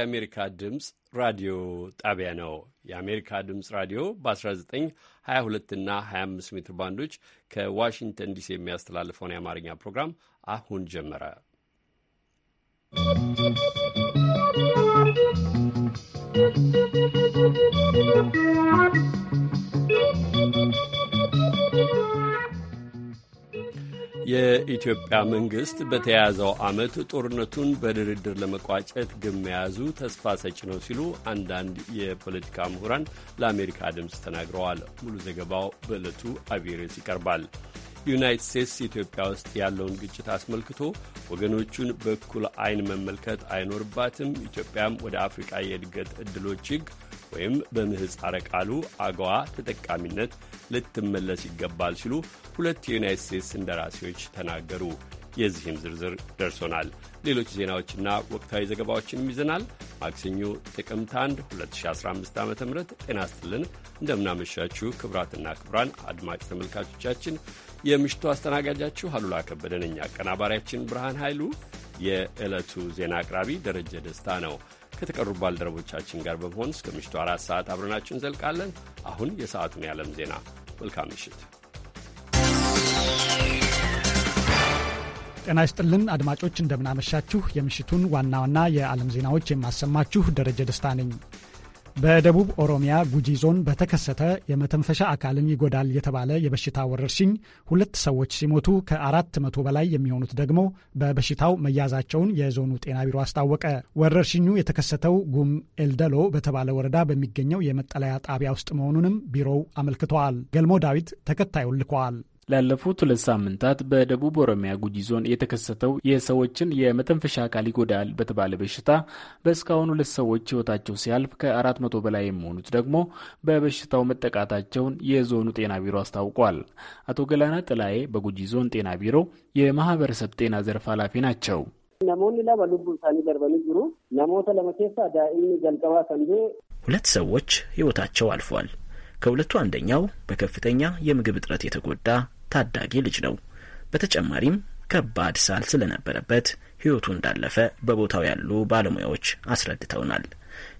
የአሜሪካ ድምፅ ራዲዮ ጣቢያ ነው። የአሜሪካ ድምፅ ራዲዮ በ1922 እና 25 ሜትር ባንዶች ከዋሽንግተን ዲሲ የሚያስተላልፈውን የአማርኛ ፕሮግራም አሁን ጀመረ። ¶¶ የኢትዮጵያ መንግሥት በተያያዘው ዓመት ጦርነቱን በድርድር ለመቋጨት ግብ መያዙ ተስፋ ሰጭ ነው ሲሉ አንዳንድ የፖለቲካ ምሁራን ለአሜሪካ ድምፅ ተናግረዋል። ሙሉ ዘገባው በዕለቱ አቪሬስ ይቀርባል። ዩናይት ስቴትስ ኢትዮጵያ ውስጥ ያለውን ግጭት አስመልክቶ ወገኖቹን በኩል አይን መመልከት አይኖርባትም፣ ኢትዮጵያም ወደ አፍሪቃ የእድገት ዕድሎች ሕግ ወይም በምህፃረ ቃሉ አገዋ ተጠቃሚነት ልትመለስ ይገባል ሲሉ ሁለት የዩናይት ስቴትስ እንደራሴዎች ተናገሩ። የዚህም ዝርዝር ደርሶናል። ሌሎች ዜናዎችና ወቅታዊ ዘገባዎችንም ይዘናል። ማክሰኞ ጥቅምት 1 2015 ዓ ም ጤና ይስጥልን። እንደምናመሻችሁ ክብራትና ክብራን አድማጭ ተመልካቾቻችን የምሽቱ አስተናጋጃችሁ አሉላ ከበደ ነኝ። አቀናባሪያችን ብርሃን ኃይሉ፣ የዕለቱ ዜና አቅራቢ ደረጀ ደስታ ነው። ከተቀሩ ባልደረቦቻችን ጋር በመሆን እስከ ምሽቱ አራት ሰዓት አብረናችሁ እንዘልቃለን። አሁን የሰዓቱን የዓለም ዜና። መልካም ምሽት ጤና ይስጥልን አድማጮች፣ እንደምናመሻችሁ። የምሽቱን ዋና ዋና የዓለም ዜናዎች የማሰማችሁ ደረጀ ደስታ ነኝ። በደቡብ ኦሮሚያ ጉጂ ዞን በተከሰተ የመተንፈሻ አካልን ይጎዳል የተባለ የበሽታ ወረርሽኝ ሁለት ሰዎች ሲሞቱ ከአራት መቶ በላይ የሚሆኑት ደግሞ በበሽታው መያዛቸውን የዞኑ ጤና ቢሮ አስታወቀ። ወረርሽኙ የተከሰተው ጉም ኤልደሎ በተባለ ወረዳ በሚገኘው የመጠለያ ጣቢያ ውስጥ መሆኑንም ቢሮው አመልክተዋል። ገልሞ ዳዊት ተከታዩን ልከዋል። ላለፉት ሁለት ሳምንታት በደቡብ ኦሮሚያ ጉጂ ዞን የተከሰተው የሰዎችን የመተንፈሻ አካል ይጎዳል በተባለ በሽታ በእስካሁን ሁለት ሰዎች ሕይወታቸው ሲያልፍ ከአራት መቶ በላይ የሚሆኑት ደግሞ በበሽታው መጠቃታቸውን የዞኑ ጤና ቢሮ አስታውቋል። አቶ ገላና ጥላዬ በጉጂ ዞን ጤና ቢሮ የማህበረሰብ ጤና ዘርፍ ኃላፊ ናቸው። ናሞኒ ላ ሉቡ ሳኒ ደርበኒ ጅሩ ናሞተ ለመ ዳኢኒ ጀልቀባ ሰንዴ ሁለት ሰዎች ሕይወታቸው አልፏል። ከሁለቱ አንደኛው በከፍተኛ የምግብ እጥረት የተጎዳ ታዳጊ ልጅ ነው። በተጨማሪም ከባድ ሳል ስለነበረበት ሕይወቱ እንዳለፈ በቦታው ያሉ ባለሙያዎች አስረድተውናል።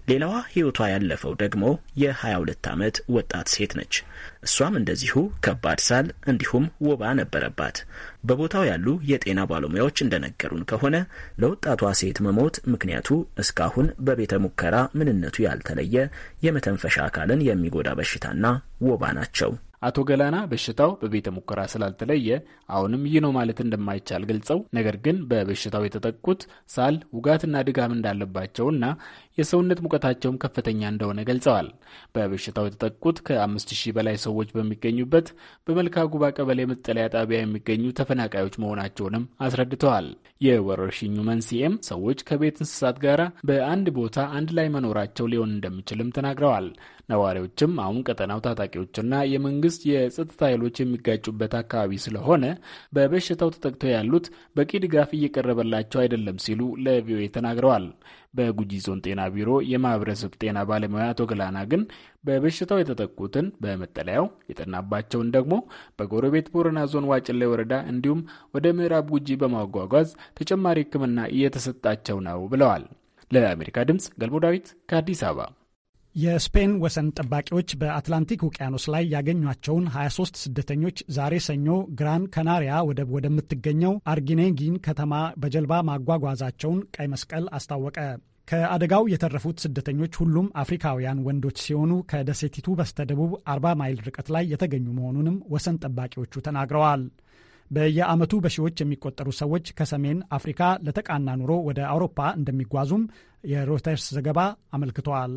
ሌላዋ ሕይወቷ ያለፈው ደግሞ የ22 ዓመት ወጣት ሴት ነች። እሷም እንደዚሁ ከባድ ሳል እንዲሁም ወባ ነበረባት። በቦታው ያሉ የጤና ባለሙያዎች እንደነገሩን ከሆነ ለወጣቷ ሴት መሞት ምክንያቱ እስካሁን በቤተ ሙከራ ምንነቱ ያልተለየ የመተንፈሻ አካልን የሚጎዳ በሽታና ወባ ናቸው። አቶ ገላና በሽታው በቤተ ሙከራ ስላልተለየ አሁንም ይህ ነው ማለት እንደማይቻል ገልጸው ነገር ግን በበሽታው የተጠቁት ሳል፣ ውጋትና ድጋም እንዳለባቸውና የሰውነት ሙቀታቸውም ከፍተኛ እንደሆነ ገልጸዋል። በበሽታው የተጠቁት ከ5000 በላይ ሰዎች በሚገኙበት በመልካ ጉባ ቀበሌ መጠለያ ጣቢያ የሚገኙ ተፈናቃዮች መሆናቸውንም አስረድተዋል። የወረርሽኙ መንስኤም ሰዎች ከቤት እንስሳት ጋር በአንድ ቦታ አንድ ላይ መኖራቸው ሊሆን እንደሚችልም ተናግረዋል። ነዋሪዎችም አሁን ቀጠናው ታጣቂዎችና የመንግስት የጸጥታ ኃይሎች የሚጋጩበት አካባቢ ስለሆነ በበሽታው ተጠቅተው ያሉት በቂ ድጋፍ እየቀረበላቸው አይደለም ሲሉ ለቪኦኤ ተናግረዋል። በጉጂ ዞን ጤና ቢሮ የማህበረሰብ ጤና ባለሙያ አቶ ገላና ግን በበሽታው የተጠቁትን በመጠለያው የጠናባቸውን ደግሞ በጎረቤት ቦረና ዞን ዋጭሌ ወረዳ እንዲሁም ወደ ምዕራብ ጉጂ በማጓጓዝ ተጨማሪ ሕክምና እየተሰጣቸው ነው ብለዋል። ለአሜሪካ ድምፅ ገልሞ ዳዊት ከአዲስ አበባ። የስፔን ወሰን ጠባቂዎች በአትላንቲክ ውቅያኖስ ላይ ያገኟቸውን 23 ስደተኞች ዛሬ ሰኞ ግራን ከናሪያ ወደብ ወደምትገኘው አርጊኔጊን ከተማ በጀልባ ማጓጓዛቸውን ቀይ መስቀል አስታወቀ። ከአደጋው የተረፉት ስደተኞች ሁሉም አፍሪካውያን ወንዶች ሲሆኑ ከደሴቲቱ በስተደቡብ 40 ማይል ርቀት ላይ የተገኙ መሆኑንም ወሰን ጠባቂዎቹ ተናግረዋል። በየዓመቱ በሺዎች የሚቆጠሩ ሰዎች ከሰሜን አፍሪካ ለተቃና ኑሮ ወደ አውሮፓ እንደሚጓዙም የሮይተርስ ዘገባ አመልክተዋል።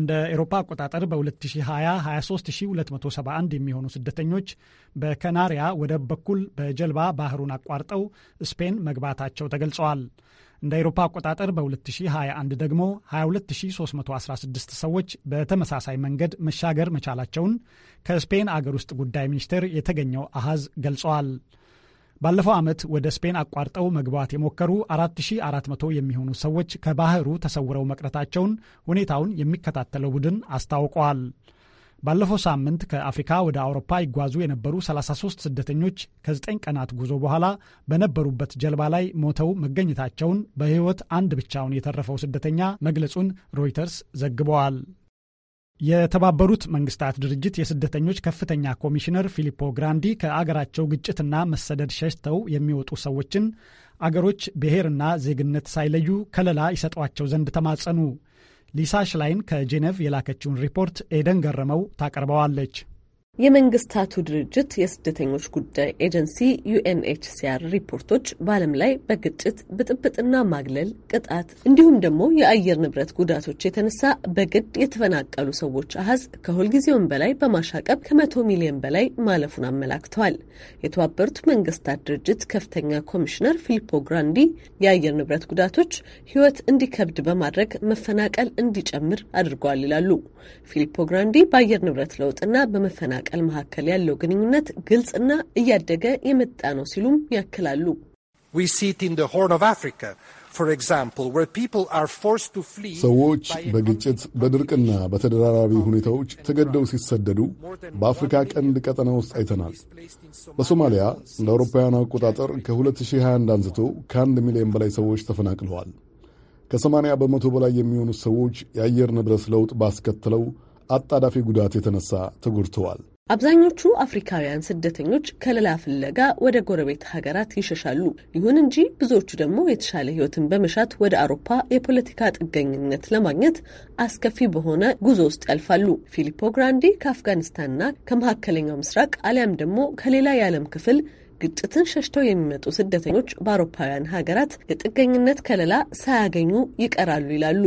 እንደ ኤሮፓ አቆጣጠር በ2020 23271 የሚሆኑ ስደተኞች በከናሪያ ወደብ በኩል በጀልባ ባህሩን አቋርጠው ስፔን መግባታቸው ተገልጸዋል። እንደ አውሮፓ አቆጣጠር በ2021 ደግሞ 22316 ሰዎች በተመሳሳይ መንገድ መሻገር መቻላቸውን ከስፔን አገር ውስጥ ጉዳይ ሚኒስቴር የተገኘው አሃዝ ገልጸዋል። ባለፈው ዓመት ወደ ስፔን አቋርጠው መግባት የሞከሩ 4400 የሚሆኑ ሰዎች ከባህሩ ተሰውረው መቅረታቸውን ሁኔታውን የሚከታተለው ቡድን አስታውቋል። ባለፈው ሳምንት ከአፍሪካ ወደ አውሮፓ ይጓዙ የነበሩ 33 ስደተኞች ከ9 ቀናት ጉዞ በኋላ በነበሩበት ጀልባ ላይ ሞተው መገኘታቸውን በሕይወት አንድ ብቻውን የተረፈው ስደተኛ መግለጹን ሮይተርስ ዘግበዋል። የተባበሩት መንግስታት ድርጅት የስደተኞች ከፍተኛ ኮሚሽነር ፊሊፖ ግራንዲ ከአገራቸው ግጭትና መሰደድ ሸሽተው የሚወጡ ሰዎችን አገሮች ብሔርና ዜግነት ሳይለዩ ከለላ ይሰጧቸው ዘንድ ተማጸኑ። ሊሳ ሽላይን ከጄኔቭ የላከችውን ሪፖርት ኤደን ገረመው ታቀርበዋለች። የመንግስታቱ ድርጅት የስደተኞች ጉዳይ ኤጀንሲ ዩኤንኤችሲአር ሪፖርቶች በዓለም ላይ በግጭት ብጥብጥና ማግለል፣ ቅጣት እንዲሁም ደግሞ የአየር ንብረት ጉዳቶች የተነሳ በግድ የተፈናቀሉ ሰዎች አሀዝ ከሁልጊዜውም በላይ በማሻቀብ ከመቶ ሚሊዮን በላይ ማለፉን አመላክተዋል። የተባበሩት መንግስታት ድርጅት ከፍተኛ ኮሚሽነር ፊሊፖ ግራንዲ የአየር ንብረት ጉዳቶች ሕይወት እንዲከብድ በማድረግ መፈናቀል እንዲጨምር አድርገዋል ይላሉ። ፊሊፖ ግራንዲ በአየር ንብረት ለውጥና በመፈናቀል በመፈናቀል መካከል ያለው ግንኙነት ግልጽና እያደገ የመጣ ነው ሲሉም ያክላሉ። ሰዎች በግጭት በድርቅና በተደራራቢ ሁኔታዎች ተገደው ሲሰደዱ በአፍሪካ ቀንድ ቀጠና ውስጥ አይተናል። በሶማሊያ እንደ አውሮፓውያን አቆጣጠር ከ2021 አንስቶ ከአንድ ሚሊዮን በላይ ሰዎች ተፈናቅለዋል። ከ80 በመቶ በላይ የሚሆኑት ሰዎች የአየር ንብረት ለውጥ ባስከተለው አጣዳፊ ጉዳት የተነሳ ተጎድተዋል። አብዛኞቹ አፍሪካውያን ስደተኞች ከለላ ፍለጋ ወደ ጎረቤት ሀገራት ይሸሻሉ። ይሁን እንጂ ብዙዎቹ ደግሞ የተሻለ ሕይወትን በመሻት ወደ አውሮፓ የፖለቲካ ጥገኝነት ለማግኘት አስከፊ በሆነ ጉዞ ውስጥ ያልፋሉ። ፊሊፖ ግራንዲ ከአፍጋኒስታንና ከመካከለኛው ምስራቅ አሊያም ደግሞ ከሌላ የዓለም ክፍል ግጭትን ሸሽተው የሚመጡ ስደተኞች በአውሮፓውያን ሀገራት የጥገኝነት ከለላ ሳያገኙ ይቀራሉ ይላሉ።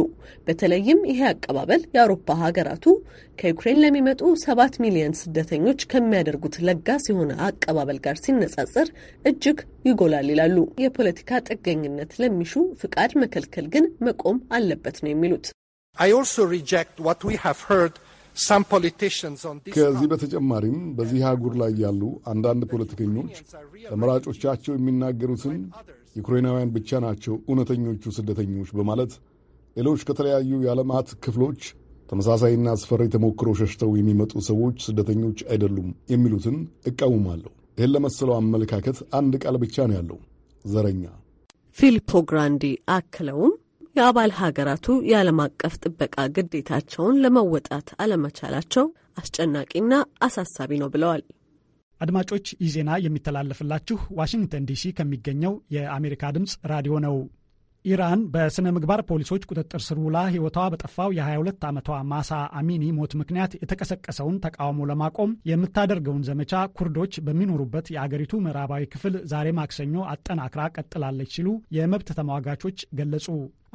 በተለይም ይሄ አቀባበል የአውሮፓ ሀገራቱ ከዩክሬን ለሚመጡ ሰባት ሚሊዮን ስደተኞች ከሚያደርጉት ለጋስ የሆነ አቀባበል ጋር ሲነጻጸር እጅግ ይጎላል ይላሉ። የፖለቲካ ጥገኝነት ለሚሹ ፍቃድ መከልከል ግን መቆም አለበት ነው የሚሉት። I also reject what we have heard ከዚህ በተጨማሪም በዚህ አህጉር ላይ ያሉ አንዳንድ ፖለቲከኞች ለመራጮቻቸው የሚናገሩትን ዩክሬናውያን ብቻ ናቸው እውነተኞቹ ስደተኞች በማለት ሌሎች ከተለያዩ የዓለማት ክፍሎች ተመሳሳይና አስፈሪ ተሞክሮ ሸሽተው የሚመጡ ሰዎች ስደተኞች አይደሉም የሚሉትን እቃውማለሁ። ይህን ለመሰለው አመለካከት አንድ ቃል ብቻ ነው ያለው፣ ዘረኛ። ፊሊፖ ግራንዲ አክለውም የአባል ሀገራቱ የዓለም አቀፍ ጥበቃ ግዴታቸውን ለመወጣት አለመቻላቸው አስጨናቂና አሳሳቢ ነው ብለዋል። አድማጮች፣ ይህ ዜና የሚተላለፍላችሁ ዋሽንግተን ዲሲ ከሚገኘው የአሜሪካ ድምፅ ራዲዮ ነው። ኢራን በሥነ ምግባር ፖሊሶች ቁጥጥር ስር ውላ ሕይወቷ በጠፋው የ22 ዓመቷ ማሳ አሚኒ ሞት ምክንያት የተቀሰቀሰውን ተቃውሞ ለማቆም የምታደርገውን ዘመቻ ኩርዶች በሚኖሩበት የአገሪቱ ምዕራባዊ ክፍል ዛሬ ማክሰኞ አጠናክራ ቀጥላለች ሲሉ የመብት ተሟጋቾች ገለጹ።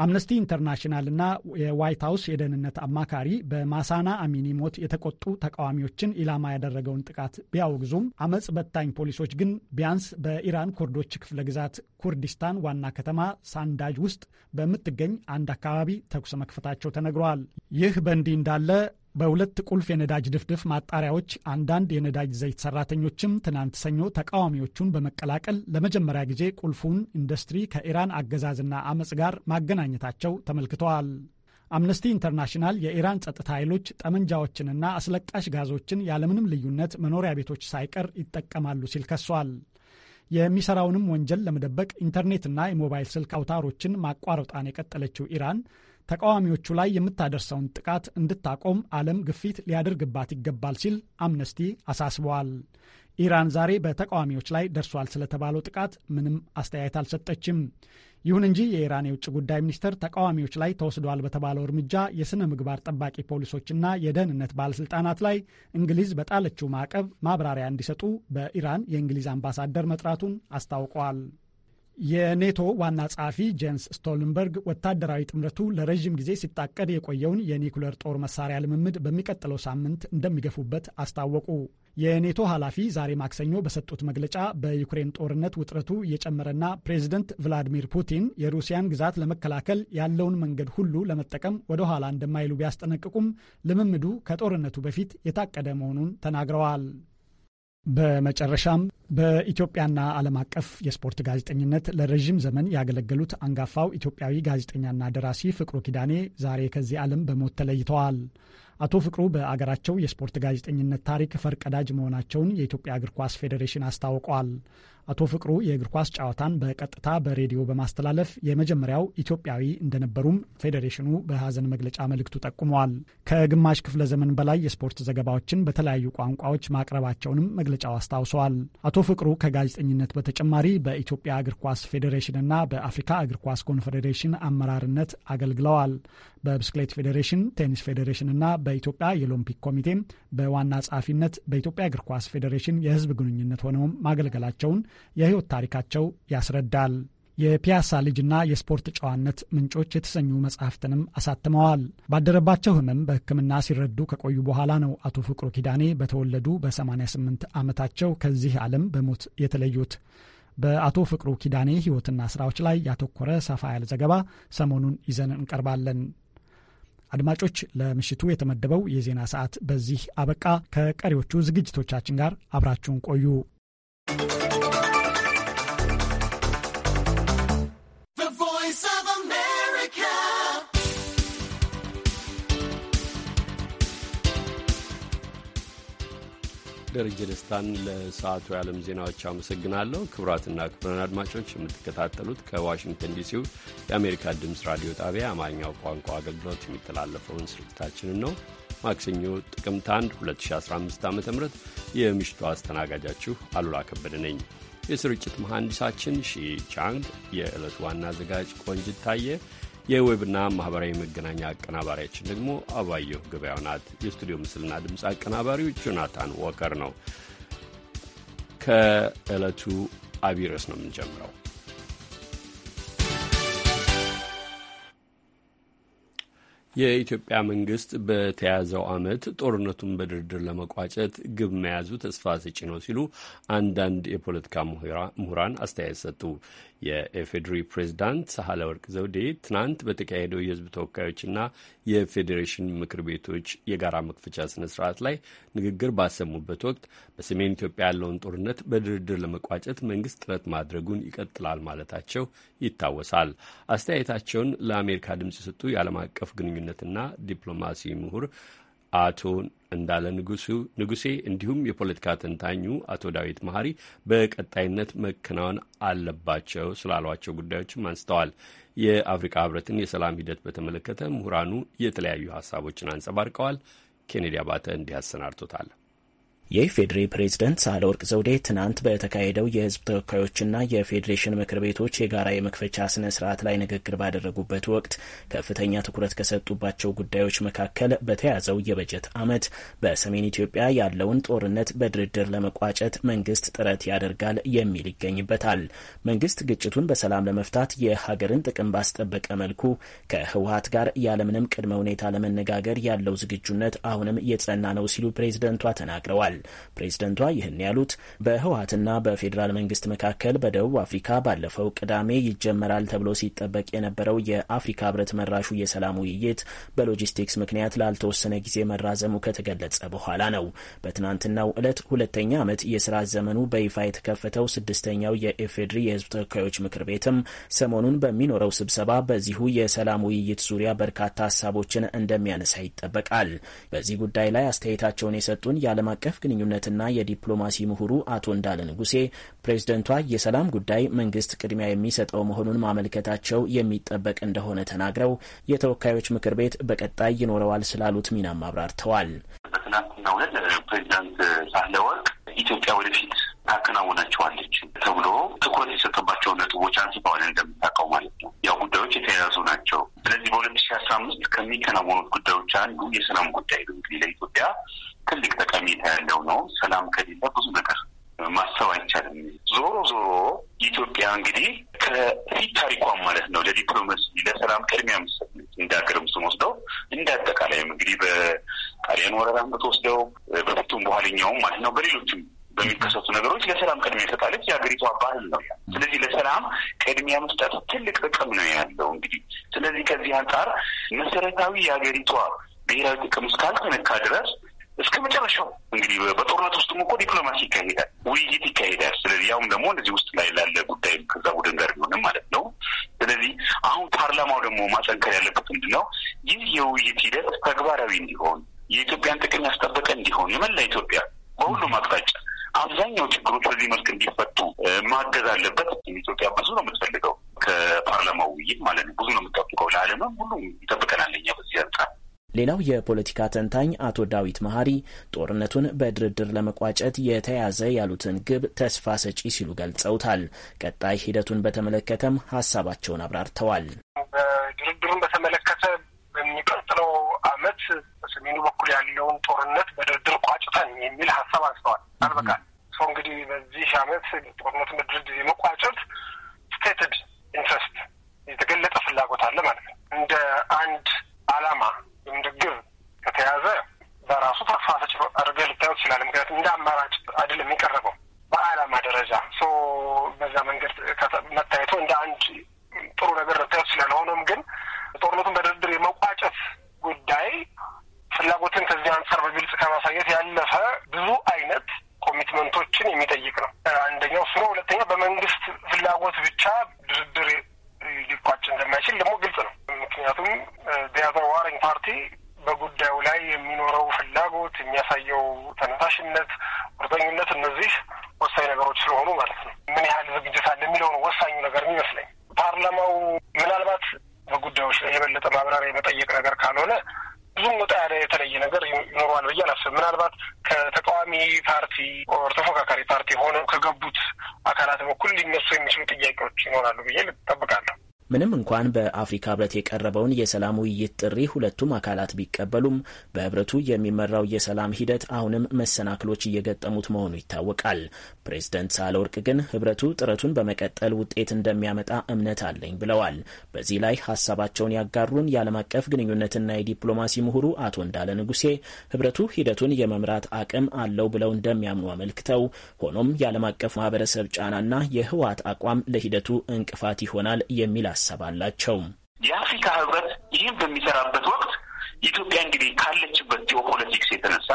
አምነስቲ ኢንተርናሽናልና የዋይት ሀውስ የደህንነት አማካሪ በማሳና አሚኒ ሞት የተቆጡ ተቃዋሚዎችን ኢላማ ያደረገውን ጥቃት ቢያወግዙም አመፅ በታኝ ፖሊሶች ግን ቢያንስ በኢራን ኩርዶች ክፍለ ግዛት ኩርዲስታን ዋና ከተማ ሳንዳጅ ውስጥ በምትገኝ አንድ አካባቢ ተኩስ መክፈታቸው ተነግረዋል። ይህ በእንዲህ እንዳለ በሁለት ቁልፍ የነዳጅ ድፍድፍ ማጣሪያዎች አንዳንድ የነዳጅ ዘይት ሰራተኞችም ትናንት ሰኞ ተቃዋሚዎቹን በመቀላቀል ለመጀመሪያ ጊዜ ቁልፉን ኢንዱስትሪ ከኢራን አገዛዝና አመፅ ጋር ማገናኘታቸው ተመልክተዋል። አምነስቲ ኢንተርናሽናል የኢራን ጸጥታ ኃይሎች ጠመንጃዎችንና አስለቃሽ ጋዞችን ያለምንም ልዩነት መኖሪያ ቤቶች ሳይቀር ይጠቀማሉ ሲል ከሷል። የሚሰራውንም ወንጀል ለመደበቅ ኢንተርኔትና የሞባይል ስልክ አውታሮችን ማቋረጧን የቀጠለችው ኢራን ተቃዋሚዎቹ ላይ የምታደርሰውን ጥቃት እንድታቆም ዓለም ግፊት ሊያደርግባት ይገባል ሲል አምነስቲ አሳስበዋል። ኢራን ዛሬ በተቃዋሚዎች ላይ ደርሷል ስለተባለው ጥቃት ምንም አስተያየት አልሰጠችም። ይሁን እንጂ የኢራን የውጭ ጉዳይ ሚኒስትር ተቃዋሚዎች ላይ ተወስዷል በተባለው እርምጃ የሥነ ምግባር ጠባቂ ፖሊሶችና የደህንነት ባለሥልጣናት ላይ እንግሊዝ በጣለችው ማዕቀብ ማብራሪያ እንዲሰጡ በኢራን የእንግሊዝ አምባሳደር መጥራቱን አስታውቋል። የኔቶ ዋና ጸሐፊ ጄንስ ስቶልንበርግ ወታደራዊ ጥምረቱ ለረዥም ጊዜ ሲታቀድ የቆየውን የኒኩሌር ጦር መሳሪያ ልምምድ በሚቀጥለው ሳምንት እንደሚገፉበት አስታወቁ። የኔቶ ኃላፊ ዛሬ ማክሰኞ በሰጡት መግለጫ በዩክሬን ጦርነት ውጥረቱ እየጨመረና ፕሬዚደንት ቭላዲሚር ፑቲን የሩሲያን ግዛት ለመከላከል ያለውን መንገድ ሁሉ ለመጠቀም ወደ ኋላ እንደማይሉ ቢያስጠነቅቁም ልምምዱ ከጦርነቱ በፊት የታቀደ መሆኑን ተናግረዋል። በመጨረሻም በኢትዮጵያና ዓለም አቀፍ የስፖርት ጋዜጠኝነት ለረዥም ዘመን ያገለገሉት አንጋፋው ኢትዮጵያዊ ጋዜጠኛና ደራሲ ፍቅሩ ኪዳኔ ዛሬ ከዚህ ዓለም በሞት ተለይተዋል። አቶ ፍቅሩ በአገራቸው የስፖርት ጋዜጠኝነት ታሪክ ፈርቀዳጅ መሆናቸውን የኢትዮጵያ እግር ኳስ ፌዴሬሽን አስታውቋል። አቶ ፍቅሩ የእግር ኳስ ጨዋታን በቀጥታ በሬዲዮ በማስተላለፍ የመጀመሪያው ኢትዮጵያዊ እንደነበሩም ፌዴሬሽኑ በሀዘን መግለጫ መልእክቱ ጠቁመዋል። ከግማሽ ክፍለ ዘመን በላይ የስፖርት ዘገባዎችን በተለያዩ ቋንቋዎች ማቅረባቸውንም መግለጫው አስታውሰዋል። አቶ ፍቅሩ ከጋዜጠኝነት በተጨማሪ በኢትዮጵያ እግር ኳስ ፌዴሬሽንና በአፍሪካ እግር ኳስ ኮንፌዴሬሽን አመራርነት አገልግለዋል። በብስክሌት ፌዴሬሽን፣ ቴኒስ ፌዴሬሽን እና በኢትዮጵያ የኦሎምፒክ ኮሚቴም በዋና ጸሐፊነት በኢትዮጵያ እግር ኳስ ፌዴሬሽን የሕዝብ ግንኙነት ሆነውም ማገልገላቸውን የህይወት ታሪካቸው ያስረዳል። የፒያሳ ልጅና የስፖርት ጨዋነት ምንጮች የተሰኙ መጽሐፍትንም አሳትመዋል። ባደረባቸው ህመም በሕክምና ሲረዱ ከቆዩ በኋላ ነው አቶ ፍቅሩ ኪዳኔ በተወለዱ በ88 ዓመታቸው ከዚህ ዓለም በሞት የተለዩት። በአቶ ፍቅሩ ኪዳኔ ሕይወትና ስራዎች ላይ ያተኮረ ሰፋ ያለ ዘገባ ሰሞኑን ይዘን እንቀርባለን። አድማጮች፣ ለምሽቱ የተመደበው የዜና ሰዓት በዚህ አበቃ። ከቀሪዎቹ ዝግጅቶቻችን ጋር አብራችሁን ቆዩ። ደረጀ ደስታን ለሰዓቱ የዓለም ዜናዎች አመሰግናለሁ። ክቡራትና ክቡራን አድማጮች የምትከታተሉት ከዋሽንግተን ዲሲው የአሜሪካ ድምፅ ራዲዮ ጣቢያ አማርኛው ቋንቋ አገልግሎት የሚተላለፈውን ስርጭታችንን ነው። ማክሰኞ ጥቅምት 1 2015 ዓ ም የምሽቱ አስተናጋጃችሁ አሉላ ከበደ ነኝ። የስርጭት መሐንዲሳችን ሺ ቻንግ፣ የዕለቱ ዋና አዘጋጅ ቆንጅት ታየ የዌብና ማኅበራዊ መገናኛ አቀናባሪያችን ደግሞ አባየሁ ገበያው ናት። የስቱዲዮ ምስልና ድምፅ አቀናባሪው ጆናታን ወከር ነው። ከዕለቱ አቢረስ ነው የምንጀምረው። የኢትዮጵያ መንግስት በተያዘው ዓመት ጦርነቱን በድርድር ለመቋጨት ግብ መያዙ ተስፋ ሰጪ ነው ሲሉ አንዳንድ የፖለቲካ ምሁራን አስተያየት ሰጡ። የኤፌድሪ ፕሬዝዳንት ሳህለ ወርቅ ዘውዴ ትናንት በተካሄደው የህዝብ ተወካዮችና የፌዴሬሽን ምክር ቤቶች የጋራ መክፈቻ ስነ ስርዓት ላይ ንግግር ባሰሙበት ወቅት በሰሜን ኢትዮጵያ ያለውን ጦርነት በድርድር ለመቋጨት መንግስት ጥረት ማድረጉን ይቀጥላል ማለታቸው ይታወሳል። አስተያየታቸውን ለአሜሪካ ድምፅ የሰጡ የዓለም አቀፍ ግንኙነትና ዲፕሎማሲ ምሁር አቶ እንዳለ ንጉሴ እንዲሁም የፖለቲካ ተንታኙ አቶ ዳዊት መሀሪ በቀጣይነት መከናወን አለባቸው ስላሏቸው ጉዳዮችም አንስተዋል። የአፍሪካ ህብረትን የሰላም ሂደት በተመለከተ ምሁራኑ የተለያዩ ሀሳቦችን አንጸባርቀዋል። ኬኔዲ አባተ እንዲህ አሰናድቶታል። የኢፌዴሪ ፕሬዝደንት ሳህለወርቅ ዘውዴ ትናንት በተካሄደው የህዝብ ተወካዮችና የፌዴሬሽን ምክር ቤቶች የጋራ የመክፈቻ ስነ ስርዓት ላይ ንግግር ባደረጉበት ወቅት ከፍተኛ ትኩረት ከሰጡባቸው ጉዳዮች መካከል በተያዘው የበጀት ዓመት በሰሜን ኢትዮጵያ ያለውን ጦርነት በድርድር ለመቋጨት መንግስት ጥረት ያደርጋል የሚል ይገኝበታል። መንግስት ግጭቱን በሰላም ለመፍታት የሀገርን ጥቅም ባስጠበቀ መልኩ ከህወሀት ጋር ያለምንም ቅድመ ሁኔታ ለመነጋገር ያለው ዝግጁነት አሁንም የጸና ነው ሲሉ ፕሬዝደንቷ ተናግረዋል። ገልጸዋል። ፕሬዝደንቷ ይህን ያሉት በህወሀትና በፌዴራል መንግስት መካከል በደቡብ አፍሪካ ባለፈው ቅዳሜ ይጀመራል ተብሎ ሲጠበቅ የነበረው የአፍሪካ ህብረት መራሹ የሰላም ውይይት በሎጂስቲክስ ምክንያት ላልተወሰነ ጊዜ መራዘሙ ከተገለጸ በኋላ ነው። በትናንትናው ዕለት ሁለተኛ ዓመት የስራ ዘመኑ በይፋ የተከፈተው ስድስተኛው የኢፌዴሪ የህዝብ ተወካዮች ምክር ቤትም ሰሞኑን በሚኖረው ስብሰባ በዚሁ የሰላም ውይይት ዙሪያ በርካታ ሀሳቦችን እንደሚያነሳ ይጠበቃል። በዚህ ጉዳይ ላይ አስተያየታቸውን የሰጡን የዓለም አቀፍ ግንኙነትና የዲፕሎማሲ ምሁሩ አቶ እንዳለ ንጉሴ ፕሬዝደንቷ የሰላም ጉዳይ መንግስት ቅድሚያ የሚሰጠው መሆኑን ማመልከታቸው የሚጠበቅ እንደሆነ ተናግረው የተወካዮች ምክር ቤት በቀጣይ ይኖረዋል ስላሉት ሚናም አብራርተዋል። በትናንትናው ዕለት ፕሬዚዳንት ሳህለወርቅ ኢትዮጵያ ወደፊት ታከናውናቸዋለች ተብሎ ትኩረት የሰጠባቸው ነጥቦች አንስተዋል። እንደምታውቀው ማለት ነው ያው ጉዳዮች የተያያዙ ናቸው። ስለዚህ በሁለት ሺህ አስራ አምስት ከሚከናወኑት ጉዳዮች አንዱ የሰላም ጉዳይ ነው። እንግዲህ ለኢትዮጵያ ትልቅ ጠቀሜታ ያለው ነው። ሰላም ከሌለ ብዙ ነገር ማሰብ አይቻልም። ዞሮ ዞሮ ኢትዮጵያ እንግዲህ ከፊት ታሪኳን ማለት ነው ለዲፕሎማሲ ለሰላም ቅድሚያ ምስል እንዳገርም ስንወስደው እንደ አጠቃላይም እንግዲህ በጣሊያን ወረራም ብትወስደው በፊቱም በኋለኛውም ማለት ነው በሌሎችም በሚከሰቱ ነገሮች ለሰላም ቅድሚያ ይሰጣለች። የሀገሪቷ ባህል ነው። ስለዚህ ለሰላም ቅድሚያ መስጠት ትልቅ ጥቅም ነው ያለው እንግዲህ ስለዚህ ከዚህ አንጻር መሰረታዊ የሀገሪቷ ብሔራዊ ጥቅም እስካልተነካ ድረስ እስከ መጨረሻው እንግዲህ በጦርነት ውስጥም እኮ ዲፕሎማሲ ይካሄዳል፣ ውይይት ይካሄዳል። ስለዚህ አሁን ደግሞ እንደዚህ ውስጥ ላይ ላለ ጉዳይ ከዛ ቡድን ጋር ቢሆንም ማለት ነው። ስለዚህ አሁን ፓርላማው ደግሞ ማጠንከር ያለበት ምንድን ነው? ይህ የውይይት ሂደት ተግባራዊ እንዲሆን የኢትዮጵያን ጥቅም ያስጠበቀ እንዲሆን የመላ ኢትዮጵያ በሁሉም አቅጣጫ አብዛኛው ችግሮች በዚህ መልክ እንዲፈቱ ማገዝ አለበት። ኢትዮጵያ ብዙ ነው የምትፈልገው ከፓርላማው ውይይት ማለት ነው። ብዙ ነው የምጠብቀው። ለዓለምም ሁሉም ይጠብቀናል እኛ በዚህ አንጻር ሌላው የፖለቲካ ተንታኝ አቶ ዳዊት መሀሪ ጦርነቱን በድርድር ለመቋጨት የተያዘ ያሉትን ግብ ተስፋ ሰጪ ሲሉ ገልጸውታል። ቀጣይ ሂደቱን በተመለከተም ሀሳባቸውን አብራርተዋል። በድርድሩን በተመለከተ በሚቀጥለው አመት በሰሜኑ በኩል ያለውን ጦርነት በድርድር ቋጭተን የሚል ሀሳብ አንስተዋል። አልበቃል ሰው እንግዲህ በዚህ አመት ጦርነቱን በድርድር የመቋጨት ስቴትድ ኢንትረስት የተገለጠ ፍላጎት አለ ማለት ነው እንደ አንድ አላማ ግብ ከተያዘ በራሱ ተስፋ ሰጪ አድርገህ ልታየው ትችላለህ። ምክንያቱም እንደ አማራጭ አይደለም የሚቀረበው በዓላማ ደረጃ ሶ በዛ መንገድ መታየቱ እንደ አንድ ጥሩ ነገር ልታየው ትችላለህ። ሆኖም ግን ጦርነቱን በድርድር የመቋጨት ጉዳይ ፍላጎትን ከዚህ አንጻር በግልጽ ከማሳየት ያለፈ ብዙ አይነት ኮሚትመንቶችን የሚጠይቅ ነው። አንደኛው እሱ ነው። ሁለተኛ በመንግስት ፍላጎት ብቻ ድርድር ሊቋጭ እንደማይችል ደግሞ ግልጽ ነው። ምክንያቱም ዲያዘር ፓርቲ በጉዳዩ ላይ የሚኖረው ፍላጎት፣ የሚያሳየው ተነሳሽነት፣ ቁርጠኝነት እነዚህ ወሳኝ ነገሮች ስለሆኑ ማለት ነው። ምን ያህል ዝግጅት አለ የሚለው ነው ወሳኙ ነገር ይመስለኝ። ፓርላማው ምናልባት በጉዳዮች ላይ የበለጠ ማብራሪያ የመጠየቅ ነገር ካልሆነ ብዙም ወጣ ያለ የተለየ ነገር ይኖረዋል ብዬ አላስብ ምናልባት ከተቃዋሚ ፓርቲ ኦር ተፎካካሪ ፓርቲ ሆነው ከገቡት አካላት በኩል ሊነሱ የሚችሉ ጥያቄዎች ይኖራሉ ብዬ ልጠብቃለሁ። ምንም እንኳን በአፍሪካ ህብረት የቀረበውን የሰላም ውይይት ጥሪ ሁለቱም አካላት ቢቀበሉም በህብረቱ የሚመራው የሰላም ሂደት አሁንም መሰናክሎች እየገጠሙት መሆኑ ይታወቃል። ፕሬዝደንት ሳህለወርቅ ግን ህብረቱ ጥረቱን በመቀጠል ውጤት እንደሚያመጣ እምነት አለኝ ብለዋል። በዚህ ላይ ሀሳባቸውን ያጋሩን የዓለም አቀፍ ግንኙነትና የዲፕሎማሲ ምሁሩ አቶ እንዳለ ንጉሴ ህብረቱ ሂደቱን የመምራት አቅም አለው ብለው እንደሚያምኑ አመልክተው ሆኖም የዓለም አቀፍ ማህበረሰብ ጫናና የህወሓት አቋም ለሂደቱ እንቅፋት ይሆናል የሚል ሀሳብ አላቸው። የአፍሪካ ህብረት ይህን በሚሰራበት ወቅት ኢትዮጵያ እንግዲህ ካለችበት ጂኦፖለቲክስ የተነሳ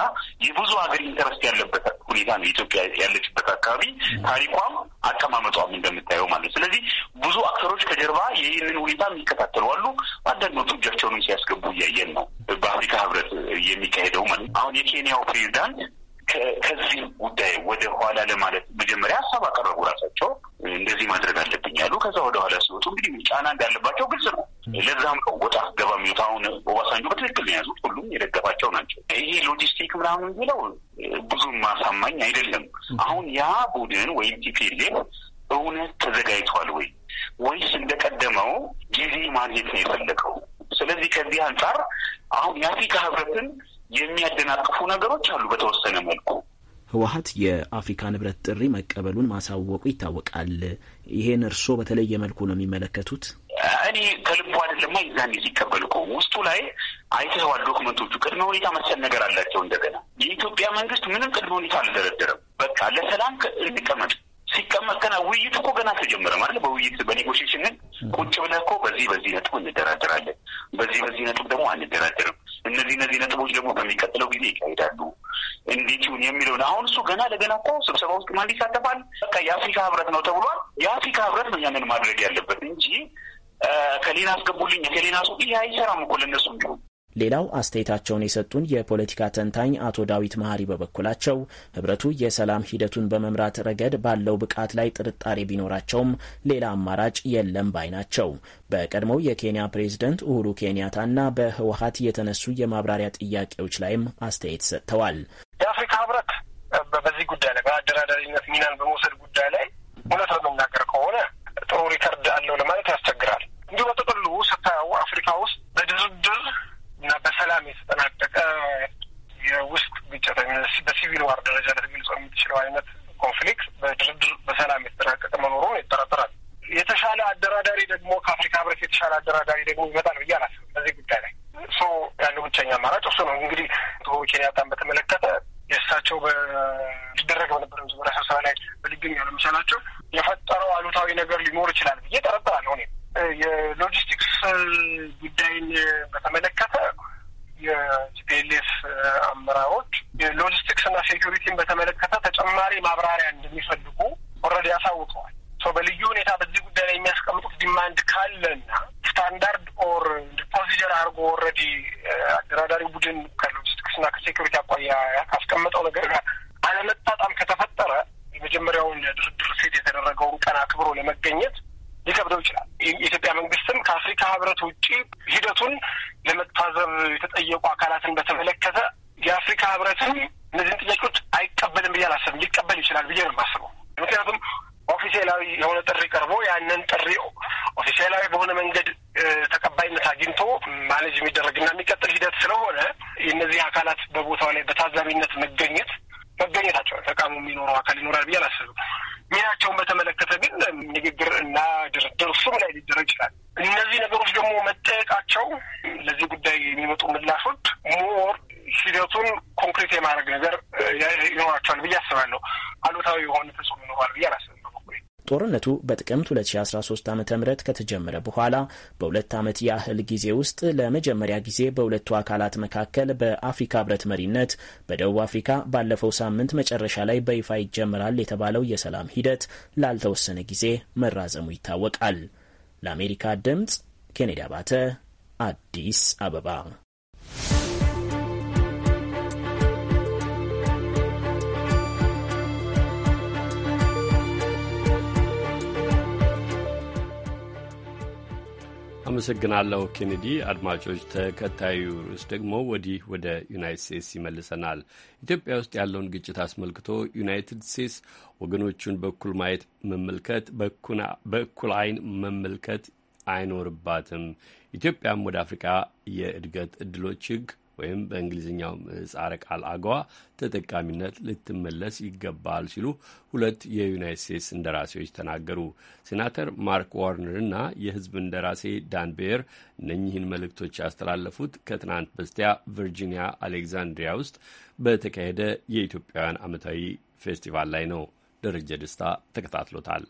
የብዙ ሀገር ኢንተረስት ያለበት ሁኔታ ነው። ኢትዮጵያ ያለችበት አካባቢ ታሪኳም አቀማመጧም እንደምታየው ማለት ነው። ስለዚህ ብዙ አክተሮች ከጀርባ ይህንን ሁኔታ የሚከታተሉ አሉ። አንዳንዶቹ እጃቸውንም ሲያስገቡ እያየን ነው። በአፍሪካ ህብረት የሚካሄደው ማለት ነው። አሁን የኬንያው ፕሬዚዳንት ከዚህ ጉዳይ ወደ ኋላ ለማለት መጀመሪያ ሀሳብ አቀረቡ። ራሳቸው እንደዚህ ማድረግ አለብኝ ያሉ። ከዛ ወደ ኋላ ሲወጡ እንግዲህ ጫና እንዳለባቸው ግልጽ ነው። ለዛም ነው ወጣ ገባ የሚሉት። አሁን ኦባሳንጆ በትክክል ነው የያዙት፣ ሁሉም የደገፋቸው ናቸው። ይሄ ሎጂስቲክ ምናምን የሚለው ብዙም ማሳማኝ አይደለም። አሁን ያ ቡድን ወይም ቲፒኤልኤፍ እውነት ተዘጋጅቷል ወይ ወይስ እንደቀደመው ጊዜ ማግኘት ነው የፈለገው? ስለዚህ ከዚህ አንጻር አሁን የአፍሪካ ህብረትን የሚያደናቅፉ ነገሮች አሉ በተወሰነ መልኩ። ህወሀት የአፍሪካ ንብረት ጥሪ መቀበሉን ማሳወቁ ይታወቃል። ይሄን እርስዎ በተለየ መልኩ ነው የሚመለከቱት? እኔ ከልቡ አይደለማ። ይዛኔ ሲቀበል እኮ ውስጡ ላይ አይተዋል። ዶክመንቶቹ ቅድመ ሁኔታ መሰል ነገር አላቸው። እንደገና የኢትዮጵያ መንግስት ምንም ቅድመ ሁኔታ አልደረደረም። በቃ ለሰላም እንቀመጥ ሲቀመጥ ገና ውይይት እኮ ገና ተጀመረ ማለት በውይይት በኔጎሽሽንን ቁጭ ብለህ እኮ በዚህ በዚህ ነጥብ እንደራደራለን፣ በዚህ በዚህ ነጥብ ደግሞ አንደራደርም እነዚህ እነዚህ ነጥቦች ደግሞ በሚቀጥለው ጊዜ ይካሄዳሉ እንዴት ይሁን የሚለውን አሁን እሱ ገና ለገና እኮ ስብሰባ ውስጥ ማን ይሳተፋል? በቃ የአፍሪካ ህብረት ነው ተብሏል። የአፍሪካ ህብረት ነው ያንን ማድረግ ያለበት እንጂ ከሌና አስገቡልኝ ከሌና ሱ ይህ አይሰራም እኮ ለእነሱ እንዲሁም ሌላው አስተያየታቸውን የሰጡን የፖለቲካ ተንታኝ አቶ ዳዊት መሀሪ በበኩላቸው ህብረቱ የሰላም ሂደቱን በመምራት ረገድ ባለው ብቃት ላይ ጥርጣሬ ቢኖራቸውም ሌላ አማራጭ የለም ባይ ናቸው። በቀድሞው የኬንያ ፕሬዝደንት ኡሁሩ ኬንያታና በህወሀት የተነሱ የማብራሪያ ጥያቄዎች ላይም አስተያየት ሰጥተዋል። የአፍሪካ ህብረት በዚህ ጉዳይ ላይ በአደራዳሪነት ሚናን በመውሰድ ጉዳይ ላይ እውነት ለመናገር ከሆነ ጥሩ ሪከርድ አለው ለማለት ያስቸግራል። እንዲሁ በጥቅሉ ስታየው አፍሪካ ውስጥ በድርድር እና በሰላም የተጠናቀቀ የውስጥ ግጭት በሲቪል ዋር ደረጃ ልትገልጸው የምትችለው አይነት ኮንፍሊክት በድርድር በሰላም የተጠናቀቀ መኖሩን ይጠረጠራል። የተሻለ አደራዳሪ ደግሞ ከአፍሪካ ህብረት የተሻለ አደራዳሪ ደግሞ ይመጣል ብዬ አላስብም። በዚህ ጉዳይ ላይ እሱ ያለው ብቸኛ አማራጭ እሱ ነው። እንግዲህ ቶሮ ኬንያታን በተመለከተ የእሳቸው በሊደረግ በነበረው ስብሰባ ላይ በሊገኝ ያለመቻላቸው የፈጠረው አሉታዊ ነገር ሊኖር ይችላል ብዬ ጠረጠራለሁ እኔ የሎጂስቲክስ ጉዳይን በተመለከተ የጂፒኤልኤፍ አመራሮች የሎጂስቲክስ እና ሴኪሪቲን በተመለከተ ተጨማሪ ማብራሪያ እንደሚፈልጉ ኦልሬዲ አሳውቀዋል። በልዩ ሁኔታ በዚህ ጉዳይ ላይ የሚያስቀምጡት ዲማንድ ካለና ስታንዳርድ ኦር ፕሮሲጀር አድርጎ ኦልሬዲ አደራዳሪ ቡድን ከሎጂስቲክስ እና ከሴኪሪቲ አኳያ ካስቀመጠው ነገር ጋር አለመጣጣም ከተፈጠረ የመጀመሪያውን ድርድር ሴት የተደረገውን ቀን አክብሮ ለመገኘት ሊከብደው ይችላል። የኢትዮጵያ መንግስትም ከአፍሪካ ህብረት ውጪ ሂደቱን ለመታዘብ የተጠየቁ አካላትን በተመለከተ የአፍሪካ ህብረትም እነዚህን ጥያቄዎች አይቀበልም ብዬ አላስብም። ሊቀበል ይችላል ብዬ ነው የማስበው። ምክንያቱም ኦፊሴላዊ የሆነ ጥሪ ቀርቦ ያንን ጥሪ ኦፊሴላዊ በሆነ መንገድ ተቀባይነት አግኝቶ ማኔጅ የሚደረግና የሚቀጥል ሂደት ስለሆነ የእነዚህ አካላት በቦታው ላይ በታዛቢነት መገኘት መገኘታቸው ተቃውሞ የሚኖረው አካል ይኖራል ብዬ አላስብም። ሚናቸውን በተመለከተ ግን ንግግር እና ድርድር እሱም ላይ ሊደረግ ይችላል። እነዚህ ነገሮች ደግሞ መጠየቃቸው ለዚህ ጉዳይ የሚመጡ ምላሾች ሞር ሂደቱን ኮንክሪት የማድረግ ነገር ይኖራቸዋል ብዬ አስባለሁ። አሉታዊ የሆነ ተጽዕኖ ይኖራል ብዬ አላስብም። ጦርነቱ በጥቅምት 2013 ዓ ም ከተጀመረ በኋላ በሁለት ዓመት ያህል ጊዜ ውስጥ ለመጀመሪያ ጊዜ በሁለቱ አካላት መካከል በአፍሪካ ህብረት መሪነት በደቡብ አፍሪካ ባለፈው ሳምንት መጨረሻ ላይ በይፋ ይጀምራል የተባለው የሰላም ሂደት ላልተወሰነ ጊዜ መራዘሙ ይታወቃል። ለአሜሪካ ድምፅ ኬኔዲ አባተ አዲስ አበባ አመሰግናለሁ ኬኔዲ። አድማጮች፣ ተከታዩ ርዕስ ደግሞ ወዲህ ወደ ዩናይት ስቴትስ ይመልሰናል። ኢትዮጵያ ውስጥ ያለውን ግጭት አስመልክቶ ዩናይትድ ስቴትስ ወገኖቹን በኩል ማየት መመልከት በእኩል አይን መመልከት አይኖርባትም። ኢትዮጵያም ወደ አፍሪካ የእድገት እድሎች ህግ ወይም በእንግሊዝኛው ምህጻረ ቃል አገዋ ተጠቃሚነት ልትመለስ ይገባል ሲሉ ሁለት የዩናይት ስቴትስ እንደራሴዎች ተናገሩ። ሴናተር ማርክ ዋርነር እና የህዝብ እንደራሴ ዳን ቤየር እነኚህን መልእክቶች ያስተላለፉት ከትናንት በስቲያ ቨርጂኒያ አሌግዛንድሪያ ውስጥ በተካሄደ የኢትዮጵያውያን ዓመታዊ ፌስቲቫል ላይ ነው። ደረጀ ደስታ ተከታትሎታል።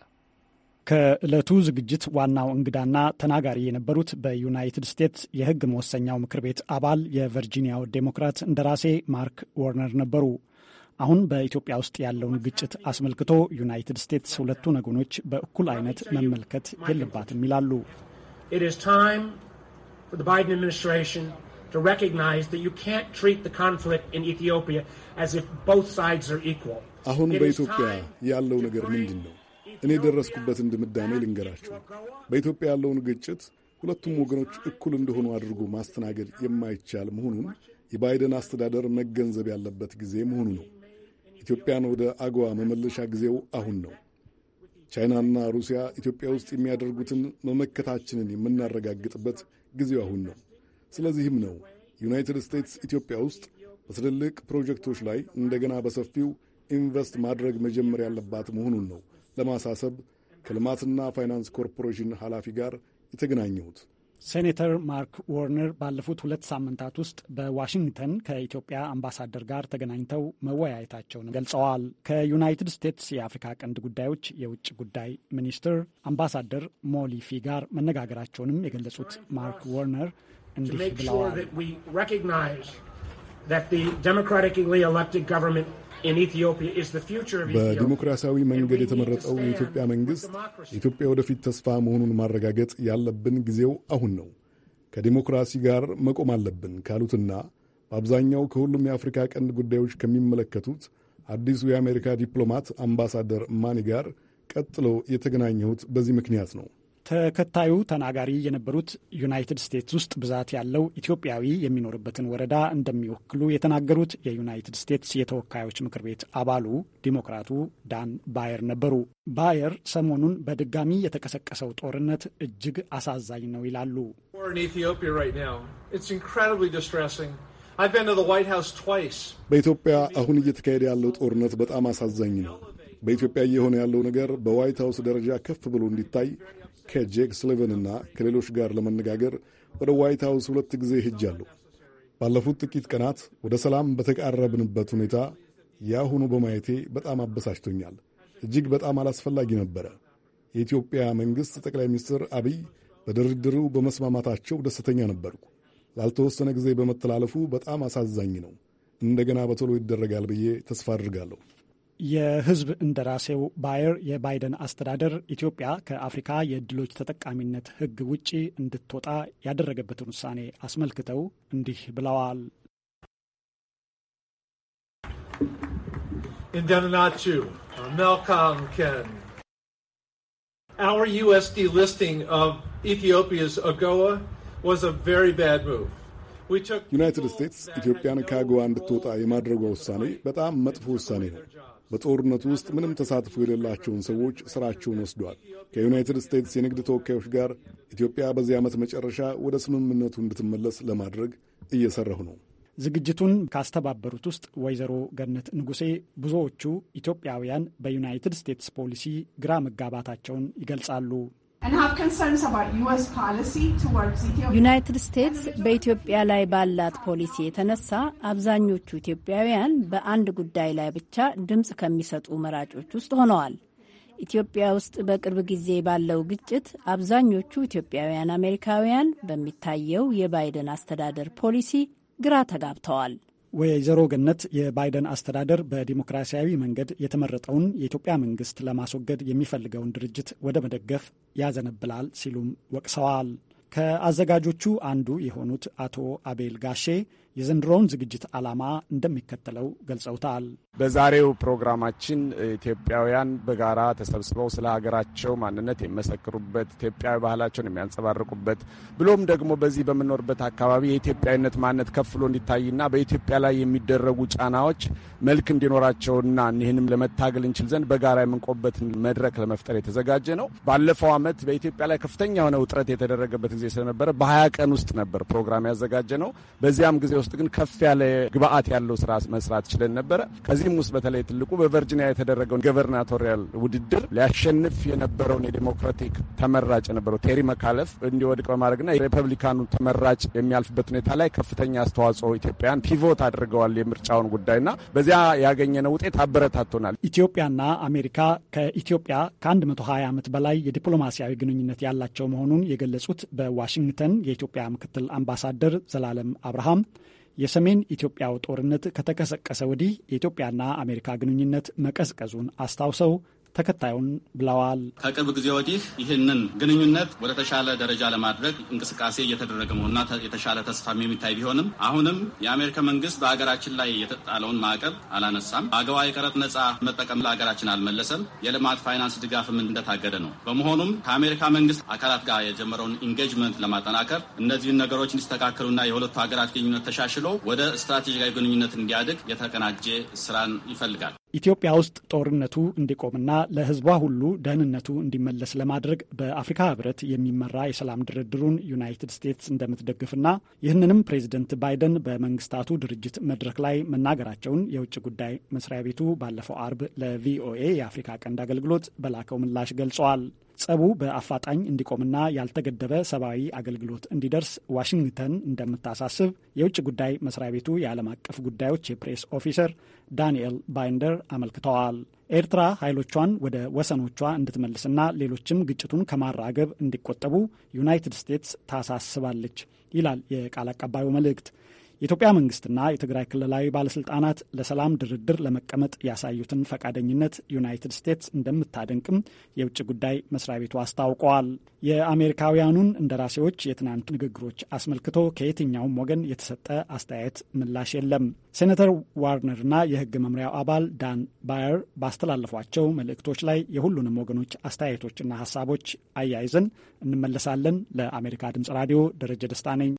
ከዕለቱ ዝግጅት ዋናው እንግዳና ተናጋሪ የነበሩት በዩናይትድ ስቴትስ የሕግ መወሰኛው ምክር ቤት አባል የቨርጂኒያው ዴሞክራት እንደራሴ ማርክ ወርነር ነበሩ። አሁን በኢትዮጵያ ውስጥ ያለውን ግጭት አስመልክቶ ዩናይትድ ስቴትስ ሁለቱ ወገኖች በእኩል አይነት መመልከት የለባትም ይላሉ። አሁን በኢትዮጵያ ያለው ነገር ምንድን ነው? እኔ የደረስኩበትን ድምዳሜ ልንገራችሁ። በኢትዮጵያ ያለውን ግጭት ሁለቱም ወገኖች እኩል እንደሆኑ አድርጎ ማስተናገድ የማይቻል መሆኑን የባይደን አስተዳደር መገንዘብ ያለበት ጊዜ መሆኑ ነው። ኢትዮጵያን ወደ አገዋ መመለሻ ጊዜው አሁን ነው። ቻይናና ሩሲያ ኢትዮጵያ ውስጥ የሚያደርጉትን መመከታችንን የምናረጋግጥበት ጊዜው አሁን ነው። ስለዚህም ነው ዩናይትድ ስቴትስ ኢትዮጵያ ውስጥ በትልልቅ ፕሮጀክቶች ላይ እንደገና በሰፊው ኢንቨስት ማድረግ መጀመር ያለባት መሆኑን ነው ለማሳሰብ ከልማትና ፋይናንስ ኮርፖሬሽን ኃላፊ ጋር የተገናኘሁት። ሴኔተር ማርክ ወርነር ባለፉት ሁለት ሳምንታት ውስጥ በዋሽንግተን ከኢትዮጵያ አምባሳደር ጋር ተገናኝተው መወያየታቸውን ገልጸዋል። ከዩናይትድ ስቴትስ የአፍሪካ ቀንድ ጉዳዮች የውጭ ጉዳይ ሚኒስትር አምባሳደር ሞሊፊ ጋር መነጋገራቸውንም የገለጹት ማርክ ዎርነር እንዲህ ብለዋል። በዲሞክራሲያዊ መንገድ የተመረጠው የኢትዮጵያ መንግስት ኢትዮጵያ ወደፊት ተስፋ መሆኑን ማረጋገጥ ያለብን ጊዜው አሁን ነው። ከዲሞክራሲ ጋር መቆም አለብን ካሉትና በአብዛኛው ከሁሉም የአፍሪካ ቀንድ ጉዳዮች ከሚመለከቱት አዲሱ የአሜሪካ ዲፕሎማት አምባሳደር ማኒ ጋር ቀጥሎ የተገናኘሁት በዚህ ምክንያት ነው። ተከታዩ ተናጋሪ የነበሩት ዩናይትድ ስቴትስ ውስጥ ብዛት ያለው ኢትዮጵያዊ የሚኖርበትን ወረዳ እንደሚወክሉ የተናገሩት የዩናይትድ ስቴትስ የተወካዮች ምክር ቤት አባሉ ዲሞክራቱ ዳን ባየር ነበሩ። ባየር ሰሞኑን በድጋሚ የተቀሰቀሰው ጦርነት እጅግ አሳዛኝ ነው ይላሉ። በኢትዮጵያ አሁን እየተካሄደ ያለው ጦርነት በጣም አሳዛኝ ነው። በኢትዮጵያ እየሆነ ያለው ነገር በዋይት ሀውስ ደረጃ ከፍ ብሎ እንዲታይ ከጄክ ስሊቨንና ከሌሎች ጋር ለመነጋገር ወደ ዋይት ሀውስ ሁለት ጊዜ ሄጃለሁ። ባለፉት ጥቂት ቀናት ወደ ሰላም በተቃረብንበት ሁኔታ ያሁኑ በማየቴ በጣም አበሳጭቶኛል። እጅግ በጣም አላስፈላጊ ነበረ። የኢትዮጵያ መንግሥት ጠቅላይ ሚኒስትር አብይ በድርድሩ በመስማማታቸው ደስተኛ ነበርኩ። ላልተወሰነ ጊዜ በመተላለፉ በጣም አሳዛኝ ነው። እንደገና በቶሎ ይደረጋል ብዬ ተስፋ አድርጋለሁ። የህዝብ እንደራሴው ባየር የባይደን አስተዳደር ኢትዮጵያ ከአፍሪካ የእድሎች ተጠቃሚነት ህግ ውጪ እንድትወጣ ያደረገበትን ውሳኔ አስመልክተው እንዲህ ብለዋል። Our USD listing of Ethiopia's AGOA was a very bad move. ዩናይትድ ስቴትስ ኢትዮጵያን ከአገዋ እንድትወጣ የማድረጓ ውሳኔ በጣም መጥፎ ውሳኔ ነው። በጦርነቱ ውስጥ ምንም ተሳትፎ የሌላቸውን ሰዎች ስራቸውን ወስዷል። ከዩናይትድ ስቴትስ የንግድ ተወካዮች ጋር ኢትዮጵያ በዚህ ዓመት መጨረሻ ወደ ስምምነቱ እንድትመለስ ለማድረግ እየሰራሁ ነው። ዝግጅቱን ካስተባበሩት ውስጥ ወይዘሮ ገነት ንጉሴ ብዙዎቹ ኢትዮጵያውያን በዩናይትድ ስቴትስ ፖሊሲ ግራ መጋባታቸውን ይገልጻሉ። ዩናይትድ ስቴትስ በኢትዮጵያ ላይ ባላት ፖሊሲ የተነሳ አብዛኞቹ ኢትዮጵያውያን በአንድ ጉዳይ ላይ ብቻ ድምፅ ከሚሰጡ መራጮች ውስጥ ሆነዋል። ኢትዮጵያ ውስጥ በቅርብ ጊዜ ባለው ግጭት አብዛኞቹ ኢትዮጵያውያን አሜሪካውያን በሚታየው የባይደን አስተዳደር ፖሊሲ ግራ ተጋብተዋል። ወይዘሮ ገነት የባይደን አስተዳደር በዲሞክራሲያዊ መንገድ የተመረጠውን የኢትዮጵያ መንግስት ለማስወገድ የሚፈልገውን ድርጅት ወደ መደገፍ ያዘነብላል ሲሉም ወቅሰዋል። ከአዘጋጆቹ አንዱ የሆኑት አቶ አቤል ጋሼ የዘንድሮውን ዝግጅት ዓላማ እንደሚከተለው ገልጸውታል። በዛሬው ፕሮግራማችን ኢትዮጵያውያን በጋራ ተሰብስበው ስለ ሀገራቸው ማንነት የመሰክሩበት ኢትዮጵያዊ ባህላቸውን የሚያንጸባርቁበት ብሎም ደግሞ በዚህ በምኖርበት አካባቢ የኢትዮጵያዊነት ማንነት ከፍሎ እንዲታይና በኢትዮጵያ ላይ የሚደረጉ ጫናዎች መልክ እንዲኖራቸውና ይህንም ለመታገል እንችል ዘንድ በጋራ የምንቆበትን መድረክ ለመፍጠር የተዘጋጀ ነው። ባለፈው ዓመት በኢትዮጵያ ላይ ከፍተኛ የሆነ ውጥረት የተደረገበት ጊዜ ስለነበረ በሀያ ቀን ውስጥ ነበር ፕሮግራም ያዘጋጀ ነው። በዚያም ጊዜ ውስጥ ግን ከፍ ያለ ግብአት ያለው ስራ መስራት ችለን ነበረ። ከዚህም ውስጥ በተለይ ትልቁ በቨርጂኒያ የተደረገውን ገቨርናቶሪያል ውድድር ሊያሸንፍ የነበረውን የዴሞክራቲክ ተመራጭ የነበረው ቴሪ መካለፍ እንዲወድቅ በማድረግና የሪፐብሊካኑ ተመራጭ የሚያልፍበት ሁኔታ ላይ ከፍተኛ አስተዋጽኦ ኢትዮጵያን ፒቮት አድርገዋል። የምርጫውን ጉዳይና በዚያ ያገኘነው ውጤት አበረታቶናል። ኢትዮጵያና አሜሪካ ከኢትዮጵያ ከ120 ዓመት በላይ የዲፕሎማሲያዊ ግንኙነት ያላቸው መሆኑን የገለጹት በ በዋሽንግተን የኢትዮጵያ ምክትል አምባሳደር ዘላለም አብርሃም የሰሜን ኢትዮጵያው ጦርነት ከተቀሰቀሰ ወዲህ የኢትዮጵያና አሜሪካ ግንኙነት መቀዝቀዙን አስታውሰው ተከታዩን ብለዋል። ከቅርብ ጊዜ ወዲህ ይህንን ግንኙነት ወደ ተሻለ ደረጃ ለማድረግ እንቅስቃሴ እየተደረገ መሆንና የተሻለ ተስፋም የሚታይ ቢሆንም አሁንም የአሜሪካ መንግስት በሀገራችን ላይ የተጣለውን ማዕቀብ አላነሳም። አገዋ የቀረጥ ነጻ መጠቀም ለሀገራችን አልመለሰም። የልማት ፋይናንስ ድጋፍም እንደታገደ ነው። በመሆኑም ከአሜሪካ መንግስት አካላት ጋር የጀመረውን ኢንጌጅመንት ለማጠናከር እነዚህን ነገሮች እንዲስተካከሉና የሁለቱ ሀገራት ግንኙነት ተሻሽሎ ወደ ስትራቴጂካዊ ግንኙነት እንዲያድግ የተቀናጀ ስራን ይፈልጋል። ኢትዮጵያ ውስጥ ጦርነቱ እንዲቆምና ለሕዝቧ ሁሉ ደህንነቱ እንዲመለስ ለማድረግ በአፍሪካ ሕብረት የሚመራ የሰላም ድርድሩን ዩናይትድ ስቴትስ እንደምትደግፍና ይህንንም ፕሬዚደንት ባይደን በመንግስታቱ ድርጅት መድረክ ላይ መናገራቸውን የውጭ ጉዳይ መስሪያ ቤቱ ባለፈው አርብ ለቪኦኤ የአፍሪካ ቀንድ አገልግሎት በላከው ምላሽ ገልጸዋል። ጸቡ በአፋጣኝ እንዲቆምና ያልተገደበ ሰብአዊ አገልግሎት እንዲደርስ ዋሽንግተን እንደምታሳስብ የውጭ ጉዳይ መስሪያ ቤቱ የዓለም አቀፍ ጉዳዮች የፕሬስ ኦፊሰር ዳንኤል ባይንደር አመልክተዋል። ኤርትራ ኃይሎቿን ወደ ወሰኖቿ እንድትመልስና ሌሎችም ግጭቱን ከማራገብ እንዲቆጠቡ ዩናይትድ ስቴትስ ታሳስባለች ይላል የቃል አቀባዩ መልእክት። የኢትዮጵያ መንግስትና የትግራይ ክልላዊ ባለስልጣናት ለሰላም ድርድር ለመቀመጥ ያሳዩትን ፈቃደኝነት ዩናይትድ ስቴትስ እንደምታደንቅም የውጭ ጉዳይ መስሪያ ቤቱ አስታውቀዋል። የአሜሪካውያኑን እንደራሴዎች የትናንት ንግግሮች አስመልክቶ ከየትኛውም ወገን የተሰጠ አስተያየት ምላሽ የለም። ሴኔተር ዋርነርና የህግ መምሪያው አባል ዳን ባየር ባስተላለፏቸው መልእክቶች ላይ የሁሉንም ወገኖች አስተያየቶችና ሀሳቦች አያይዘን እንመለሳለን። ለአሜሪካ ድምጽ ራዲዮ ደረጀ ደስታ ነኝ።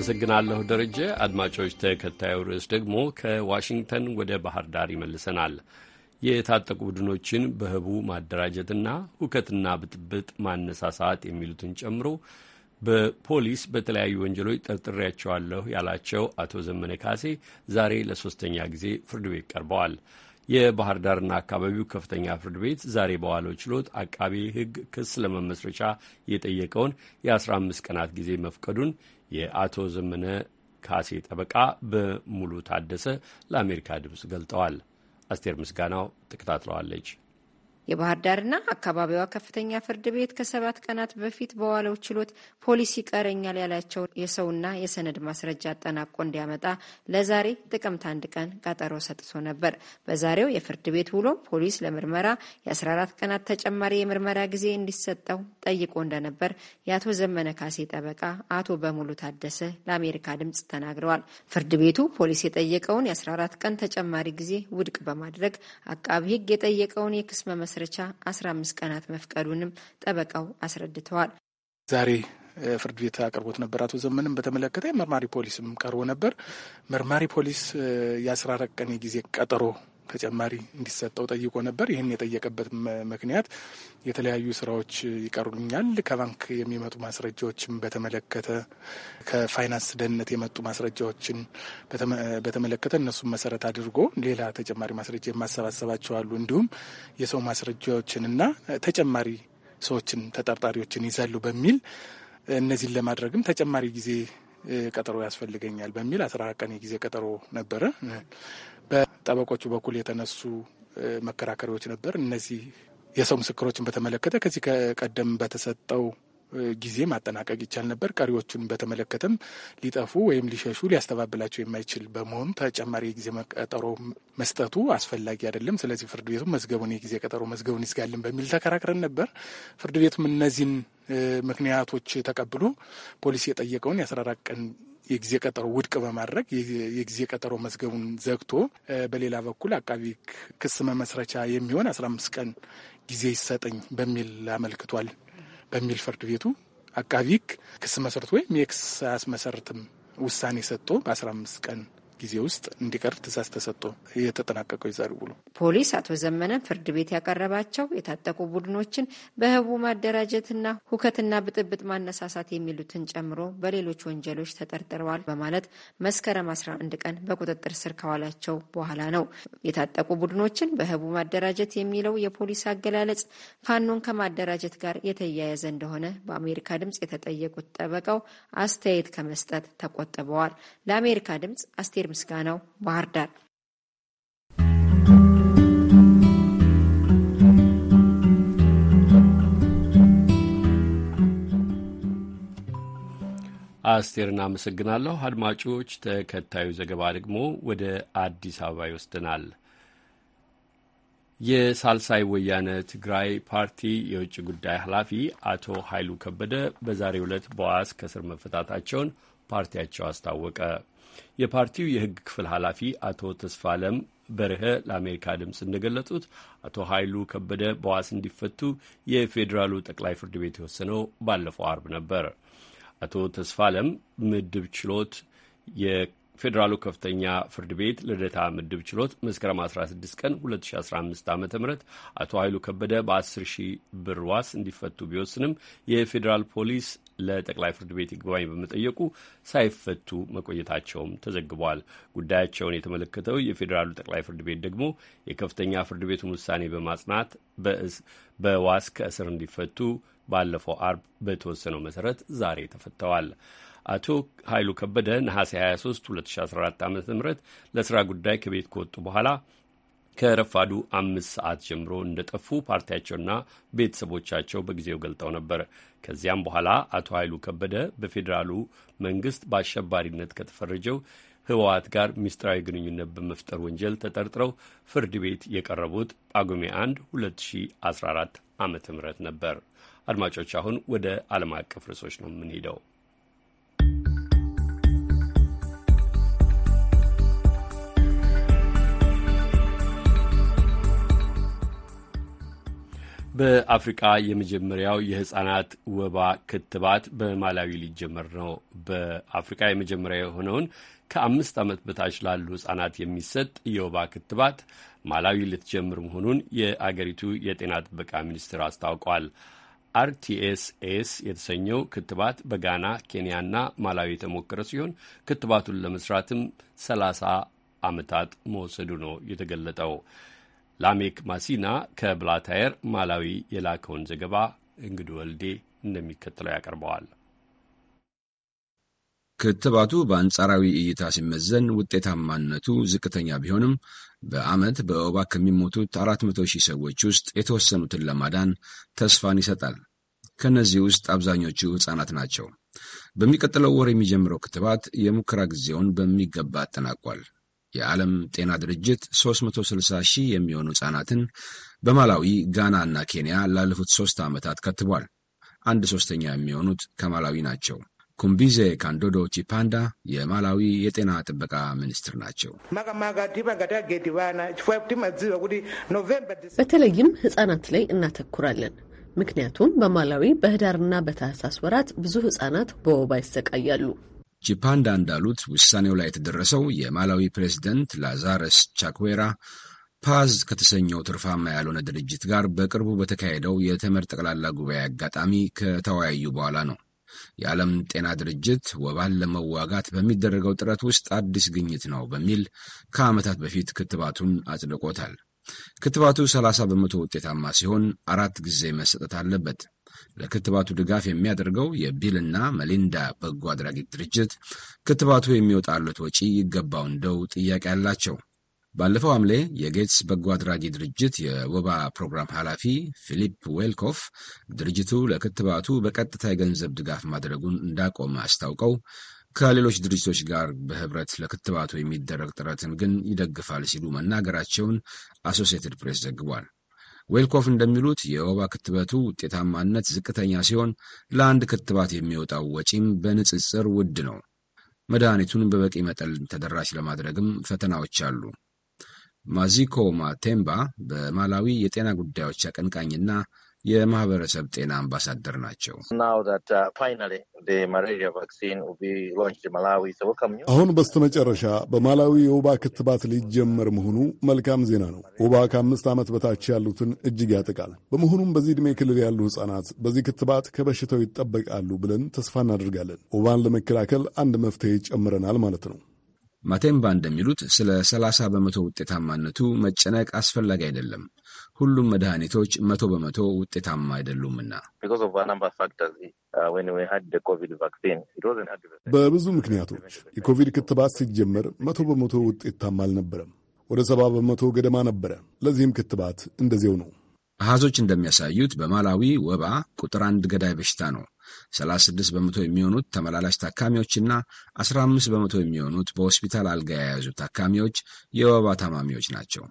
አመሰግናለሁ ደረጀ። አድማጮች፣ ተከታዩ ርዕስ ደግሞ ከዋሽንግተን ወደ ባህር ዳር ይመልሰናል። የታጠቁ ቡድኖችን በህቡ ማደራጀትና ሁከትና ብጥብጥ ማነሳሳት የሚሉትን ጨምሮ በፖሊስ በተለያዩ ወንጀሎች ጠርጥሬያቸዋለሁ ያላቸው አቶ ዘመነ ካሴ ዛሬ ለሶስተኛ ጊዜ ፍርድ ቤት ቀርበዋል። የባህር ዳርና አካባቢው ከፍተኛ ፍርድ ቤት ዛሬ በዋለው ችሎት አቃቤ ሕግ ክስ ለመመስረቻ የጠየቀውን የ15 ቀናት ጊዜ መፍቀዱን የአቶ ዘመነ ካሴ ጠበቃ በሙሉ ታደሰ ለአሜሪካ ድምፅ ገልጠዋል። አስቴር ምስጋናው ተከታትለዋለች። የባህር ዳርና አካባቢዋ ከፍተኛ ፍርድ ቤት ከሰባት ቀናት በፊት በዋለው ችሎት ፖሊስ ይቀረኛል ያላቸው የሰውና የሰነድ ማስረጃ አጠናቆ እንዲያመጣ ለዛሬ ጥቅምት አንድ ቀን ቀጠሮ ሰጥቶ ነበር። በዛሬው የፍርድ ቤት ውሎ ፖሊስ ለምርመራ የ14 ቀናት ተጨማሪ የምርመራ ጊዜ እንዲሰጠው ጠይቆ እንደነበር የአቶ ዘመነ ካሴ ጠበቃ አቶ በሙሉ ታደሰ ለአሜሪካ ድምጽ ተናግረዋል። ፍርድ ቤቱ ፖሊስ የጠየቀውን የ14 ቀን ተጨማሪ ጊዜ ውድቅ በማድረግ አቃቢ ሕግ የጠየቀውን የክስ መመ ማስረቻ 15 ቀናት መፍቀዱንም ጠበቃው አስረድተዋል። ዛሬ ፍርድ ቤት አቅርቦት ነበር። አቶ ዘመንም በተመለከተ መርማሪ ፖሊስም ቀርቦ ነበር። መርማሪ ፖሊስ የ14 ቀን የጊዜ ቀጠሮ ተጨማሪ እንዲሰጠው ጠይቆ ነበር። ይህን የጠየቀበት ምክንያት የተለያዩ ስራዎች ይቀሩልኛል፣ ከባንክ የሚመጡ ማስረጃዎችን በተመለከተ ከፋይናንስ ደህንነት የመጡ ማስረጃዎችን በተመለከተ እነሱን መሰረት አድርጎ ሌላ ተጨማሪ ማስረጃ የማሰባሰባቸው አሉ። እንዲሁም የሰው ማስረጃዎችንና ተጨማሪ ሰዎችን ተጠርጣሪዎችን ይዛሉ በሚል እነዚህን ለማድረግም ተጨማሪ ጊዜ ቀጠሮ ያስፈልገኛል በሚል አስራ ቀን የጊዜ ቀጠሮ ነበረ። በጠበቆቹ በኩል የተነሱ መከራከሪያዎች ነበር። እነዚህ የሰው ምስክሮችን በተመለከተ ከዚህ ቀደም በተሰጠው ጊዜ ማጠናቀቅ ይቻል ነበር። ቀሪዎቹን በተመለከተም ሊጠፉ ወይም ሊሸሹ ሊያስተባብላቸው የማይችል በመሆኑ ተጨማሪ የጊዜ ቀጠሮ መስጠቱ አስፈላጊ አይደለም። ስለዚህ ፍርድ ቤቱ መዝገቡን የጊዜ ቀጠሮ መዝገቡን ይዝጋልን በሚል ተከራክረን ነበር። ፍርድ ቤቱም እነዚህን ምክንያቶች ተቀብሎ ፖሊስ የጠየቀውን የአስራ አራት ቀን የጊዜ ቀጠሮ ውድቅ በማድረግ የጊዜ ቀጠሮ መዝገቡን ዘግቶ በሌላ በኩል አቃቢ ክስ መመስረቻ የሚሆን አስራ አምስት ቀን ጊዜ ይሰጠኝ በሚል አመልክቷል። በሚል ፍርድ ቤቱ አቃቢ ክስ መሰረት ወይም የክስ አያስመሰርትም ውሳኔ ሰጥቶ በአስራ አምስት ቀን ጊዜ ውስጥ እንዲቀር ትእዛዝ ተሰጥቶ የተጠናቀቀው የዛሬው ውሎ ፖሊስ አቶ ዘመነ ፍርድ ቤት ያቀረባቸው የታጠቁ ቡድኖችን በህቡ ማደራጀትና ሁከትና ብጥብጥ ማነሳሳት የሚሉትን ጨምሮ በሌሎች ወንጀሎች ተጠርጥረዋል በማለት መስከረም 11 ቀን በቁጥጥር ስር ከዋላቸው በኋላ ነው። የታጠቁ ቡድኖችን በህቡ ማደራጀት የሚለው የፖሊስ አገላለጽ ፋኖን ከማደራጀት ጋር የተያያዘ እንደሆነ በአሜሪካ ድምጽ የተጠየቁት ጠበቃው አስተያየት ከመስጠት ተቆጥበዋል። ለአሜሪካ ድምጽ አስቴር ምስጋናው ባህር ዳር አስቴር እናመሰግናለሁ። አድማጮች፣ ተከታዩ ዘገባ ደግሞ ወደ አዲስ አበባ ይወስደናል። የሳልሳይ ወያነ ትግራይ ፓርቲ የውጭ ጉዳይ ኃላፊ አቶ ኃይሉ ከበደ በዛሬው ዕለት በዋስ ከስር መፈታታቸውን ፓርቲያቸው አስታወቀ። የፓርቲው የህግ ክፍል ኃላፊ አቶ ተስፋለም በርሀ ለአሜሪካ ድምፅ እንደገለጹት አቶ ኃይሉ ከበደ በዋስ እንዲፈቱ የፌዴራሉ ጠቅላይ ፍርድ ቤት የወሰነው ባለፈው አርብ ነበር። አቶ ተስፋለም ምድብ ችሎት የፌዴራሉ ከፍተኛ ፍርድ ቤት ልደታ ምድብ ችሎት መስከረም 16 ቀን 2015 ዓ ም አቶ ኃይሉ ከበደ በ10 ሺህ ብር ዋስ እንዲፈቱ ቢወስንም የፌዴራል ፖሊስ ለጠቅላይ ፍርድ ቤት ይግባኝ በመጠየቁ ሳይፈቱ መቆየታቸውም ተዘግቧል። ጉዳያቸውን የተመለከተው የፌዴራሉ ጠቅላይ ፍርድ ቤት ደግሞ የከፍተኛ ፍርድ ቤቱን ውሳኔ በማጽናት በዋስ ከእስር እንዲፈቱ ባለፈው አርብ በተወሰነው መሰረት ዛሬ ተፈተዋል። አቶ ኃይሉ ከበደ ነሐሴ 23 2014 ዓ ም ለስራ ጉዳይ ከቤት ከወጡ በኋላ ከረፋዱ አምስት ሰዓት ጀምሮ እንደጠፉ ፓርቲያቸውና ቤተሰቦቻቸው በጊዜው ገልጠው ነበር። ከዚያም በኋላ አቶ ኃይሉ ከበደ በፌዴራሉ መንግስት በአሸባሪነት ከተፈረጀው ህወሓት ጋር ሚስጥራዊ ግንኙነት በመፍጠር ወንጀል ተጠርጥረው ፍርድ ቤት የቀረቡት ጳጉሜ 1 2014 ዓ ም ነበር። አድማጮች አሁን ወደ ዓለም አቀፍ ርዕሶች ነው የምንሄደው። በአፍሪቃ የመጀመሪያው የህጻናት ወባ ክትባት በማላዊ ሊጀመር ነው። በአፍሪቃ የመጀመሪያ የሆነውን ከአምስት ዓመት በታች ላሉ ህጻናት የሚሰጥ የወባ ክትባት ማላዊ ልትጀምር መሆኑን የአገሪቱ የጤና ጥበቃ ሚኒስቴር አስታውቋል። አርቲኤስኤስ የተሰኘው ክትባት በጋና ኬንያና ማላዊ የተሞከረ ሲሆን ክትባቱን ለመስራትም ሰላሳ ዓመታት መውሰዱ ነው የተገለጠው። ላሜክ ማሲና ከብላታየር ማላዊ የላከውን ዘገባ እንግዱ ወልዴ እንደሚከተለው ያቀርበዋል። ክትባቱ በአንጻራዊ እይታ ሲመዘን ውጤታማነቱ ዝቅተኛ ቢሆንም በዓመት በወባ ከሚሞቱት 400 ሺህ ሰዎች ውስጥ የተወሰኑትን ለማዳን ተስፋን ይሰጣል። ከእነዚህ ውስጥ አብዛኞቹ ሕፃናት ናቸው። በሚቀጥለው ወር የሚጀምረው ክትባት የሙከራ ጊዜውን በሚገባ አጠናቋል። የዓለም ጤና ድርጅት 360 ሺህ የሚሆኑ ሕፃናትን በማላዊ፣ ጋና እና ኬንያ ላለፉት ሦስት ዓመታት ከትቧል። አንድ ሦስተኛ የሚሆኑት ከማላዊ ናቸው። ኩምቢዜ ካንዶዶ ቺፓንዳ የማላዊ የጤና ጥበቃ ሚኒስትር ናቸው። በተለይም ሕፃናት ላይ እናተኩራለን። ምክንያቱም በማላዊ በህዳርና በታህሳስ ወራት ብዙ ህጻናት በወባ ይሰቃያሉ። ቺፓንዳ እንዳሉት ውሳኔው ላይ የተደረሰው የማላዊ ፕሬዚደንት ላዛረስ ቻኩዌራ ፓዝ ከተሰኘው ትርፋማ ያልሆነ ድርጅት ጋር በቅርቡ በተካሄደው የተመድ ጠቅላላ ጉባኤ አጋጣሚ ከተወያዩ በኋላ ነው። የዓለም ጤና ድርጅት ወባን ለመዋጋት በሚደረገው ጥረት ውስጥ አዲስ ግኝት ነው በሚል ከዓመታት በፊት ክትባቱን አጽድቆታል። ክትባቱ 30 በመቶ ውጤታማ ሲሆን አራት ጊዜ መሰጠት አለበት። ለክትባቱ ድጋፍ የሚያደርገው የቢልና መሊንዳ በጎ አድራጊ ድርጅት ክትባቱ የሚወጣለት ወጪ ይገባው እንደው ጥያቄ አላቸው። ባለፈው ሐምሌ የጌትስ በጎ አድራጊ ድርጅት የወባ ፕሮግራም ኃላፊ ፊሊፕ ዌልኮፍ ድርጅቱ ለክትባቱ በቀጥታ የገንዘብ ድጋፍ ማድረጉን እንዳቆመ አስታውቀው ከሌሎች ድርጅቶች ጋር በህብረት ለክትባቱ የሚደረግ ጥረትን ግን ይደግፋል ሲሉ መናገራቸውን አሶሲየትድ ፕሬስ ዘግቧል። ዌልኮፍ እንደሚሉት የወባ ክትባቱ ውጤታማነት ዝቅተኛ ሲሆን ለአንድ ክትባት የሚወጣው ወጪም በንጽጽር ውድ ነው። መድኃኒቱን በበቂ መጠን ተደራሽ ለማድረግም ፈተናዎች አሉ። ማዚኮ ማቴምባ በማላዊ የጤና ጉዳዮች አቀንቃኝና የማህበረሰብ ጤና አምባሳደር ናቸው። uh, አሁን በስተመጨረሻ በማላዊ የወባ ክትባት ሊጀመር መሆኑ መልካም ዜና ነው። ወባ ከአምስት ዓመት በታች ያሉትን እጅግ ያጠቃል። በመሆኑም በዚህ ዕድሜ ክልል ያሉ ሕጻናት በዚህ ክትባት ከበሽታው ይጠበቃሉ ብለን ተስፋ እናደርጋለን። ወባን ለመከላከል አንድ መፍትሄ ጨምረናል ማለት ነው። ማቴምባ እንደሚሉት ስለ 30 በመቶ ውጤታማነቱ መጨነቅ አስፈላጊ አይደለም። ሁሉም መድኃኒቶች መቶ በመቶ ውጤታማ አይደሉምና uh, በብዙ ምክንያቶች የኮቪድ ክትባት ሲጀመር መቶ በመቶ ውጤታማ አልነበረም። ወደ ሰባ በመቶ ገደማ ነበረ። ለዚህም ክትባት እንደዚያው ነው። አሃዞች እንደሚያሳዩት በማላዊ ወባ ቁጥር አንድ ገዳይ በሽታ ነው። 36 በመቶ የሚሆኑት ተመላላሽ ታካሚዎችና 15 በመቶ የሚሆኑት በሆስፒታል አልጋ የያዙ ታካሚዎች የወባ ታማሚዎች ናቸው።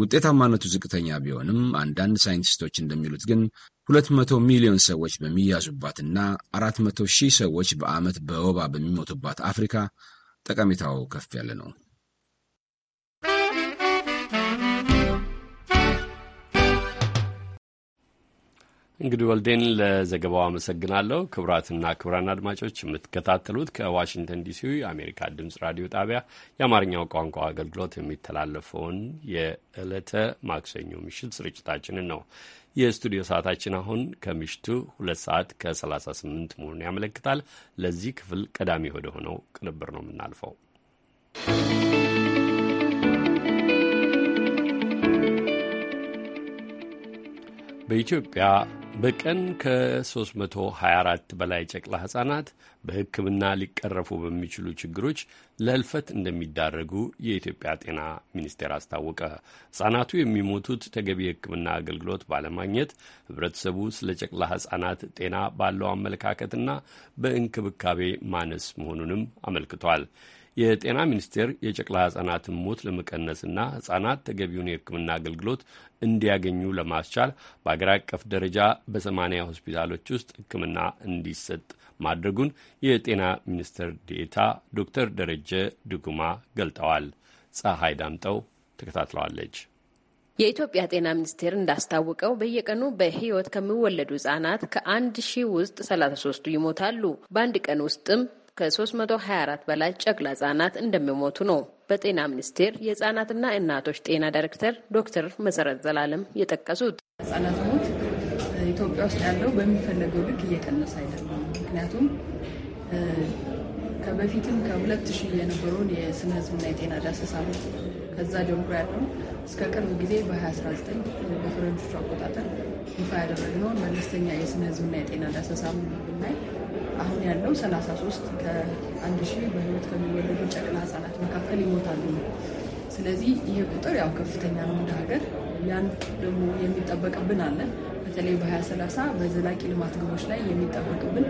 ውጤታማነቱ ዝቅተኛ ቢሆንም አንዳንድ ሳይንቲስቶች እንደሚሉት ግን 200 ሚሊዮን ሰዎች በሚያዙባትና 400 ሺህ ሰዎች በዓመት በወባ በሚሞቱባት አፍሪካ ጠቀሜታው ከፍ ያለ ነው። እንግዲህ ወልዴን ለዘገባው አመሰግናለሁ። ክቡራትና ክቡራን አድማጮች የምትከታተሉት ከዋሽንግተን ዲሲ የአሜሪካ ድምጽ ራዲዮ ጣቢያ የአማርኛው ቋንቋ አገልግሎት የሚተላለፈውን የዕለተ ማክሰኞ ምሽት ስርጭታችንን ነው። የስቱዲዮ ሰዓታችን አሁን ከምሽቱ ሁለት ሰዓት ከ38 መሆኑን ያመለክታል። ለዚህ ክፍል ቀዳሚ ወደ ሆነው ቅንብር ነው የምናልፈው። በኢትዮጵያ በቀን ከ324 በላይ ጨቅላ ሕፃናት በሕክምና ሊቀረፉ በሚችሉ ችግሮች ለልፈት እንደሚዳረጉ የኢትዮጵያ ጤና ሚኒስቴር አስታወቀ። ሕፃናቱ የሚሞቱት ተገቢ የሕክምና አገልግሎት ባለማግኘት ህብረተሰቡ ስለ ጨቅላ ሕፃናት ጤና ባለው አመለካከትና በእንክብካቤ ማነስ መሆኑንም አመልክቷል። የጤና ሚኒስቴር የጨቅላ ህጻናትን ሞት ለመቀነስና ህጻናት ተገቢውን የህክምና አገልግሎት እንዲያገኙ ለማስቻል በአገር አቀፍ ደረጃ በሰማኒያ ሆስፒታሎች ውስጥ ህክምና እንዲሰጥ ማድረጉን የጤና ሚኒስትር ዴኤታ ዶክተር ደረጀ ድጉማ ገልጠዋል። ፀሐይ ዳምጠው ተከታትለዋለች። የኢትዮጵያ ጤና ሚኒስቴር እንዳስታወቀው በየቀኑ በህይወት ከሚወለዱ ህጻናት ከአንድ ሺህ ውስጥ ሰላሳ ሶስቱ ይሞታሉ። በአንድ ቀን ውስጥም ከ324 በላይ ጨቅላ ህጻናት እንደሚሞቱ ነው በጤና ሚኒስቴር የህጻናትና እናቶች ጤና ዳይሬክተር ዶክተር መሰረት ዘላለም የጠቀሱት። ህጻናት ሞት ኢትዮጵያ ውስጥ ያለው በሚፈለገው ልክ እየቀነሰ አይደለም። ምክንያቱም ከበፊትም ከሁለት ሺህ የነበረውን የስነ ህዝብና የጤና ዳሰሳ ከዛ ጀምሮ ያለው እስከ ቅርብ ጊዜ በ2019 በፈረንጆቹ አቆጣጠር ይፋ ያደረግነውን መለስተኛ የስነ ህዝብና የጤና ዳሰሳ ብናይ አሁን ያለው 33 ከአንድ ሺህ በህይወት ከሚወለዱ ጨቅላ ህጻናት መካከል ይሞታሉ ነው። ስለዚህ ይሄ ቁጥር ያው ከፍተኛ ነው እንደ ሀገር። ያን ደግሞ የሚጠበቅብን አለ። በተለይ በ2030 በዘላቂ ልማት ግቦች ላይ የሚጠበቅብን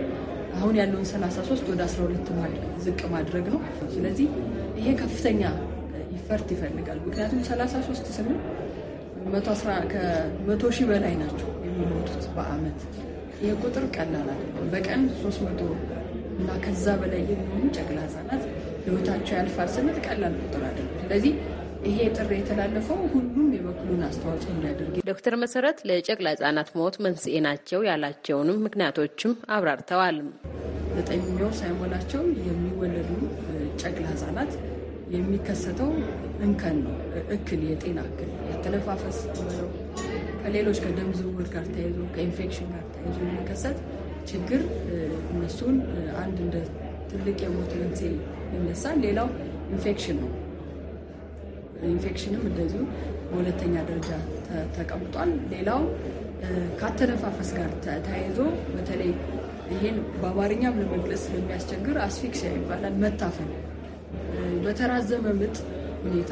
አሁን ያለውን 33 ወደ 12 ዝቅ ማድረግ ነው። ስለዚህ ይሄ ከፍተኛ ይፈርት ይፈልጋል። ምክንያቱም 33 ስንል ከመቶ ሺህ በላይ ናቸው የሚሞቱት በአመት ይህ ቁጥር ቀላል አይደለም። በቀን ሶስት መቶ እና ከዛ በላይ የሚሆኑ ጨቅላ ህጻናት ህይወታቸው ያልፋል ስንል ቀላል ቁጥር አይደለም። ስለዚህ ይሄ ጥሪ የተላለፈው ሁሉም የበኩሉን አስተዋጽኦ እንዲያደርግ ዶክተር መሰረት ለጨቅላ ህጻናት ሞት መንስኤ ናቸው ያላቸውንም ምክንያቶችም አብራርተዋል። ዘጠኝ ወር ሳይሞላቸው የሚወለዱ ጨቅላ ህጻናት የሚከሰተው እንከን ነው። እክል፣ የጤና እክል፣ ያተለፋፈስ ብለው ከሌሎች ከደም ዝውውር ጋር ተያይዞ ከኢንፌክሽን ጋር ተያይዞ የሚከሰት ችግር እነሱን አንድ እንደ ትልቅ የሞት መንስኤ ይነሳል። ሌላው ኢንፌክሽን ነው። ኢንፌክሽንም እንደዚሁ በሁለተኛ ደረጃ ተቀምጧል። ሌላው ካተነፋፈስ ጋር ተያይዞ በተለይ ይህን በአማርኛም ለመግለጽ ስለሚያስቸግር አስፊክሲያ ይባላል መታፈን በተራዘመ ምጥ ሁኔታ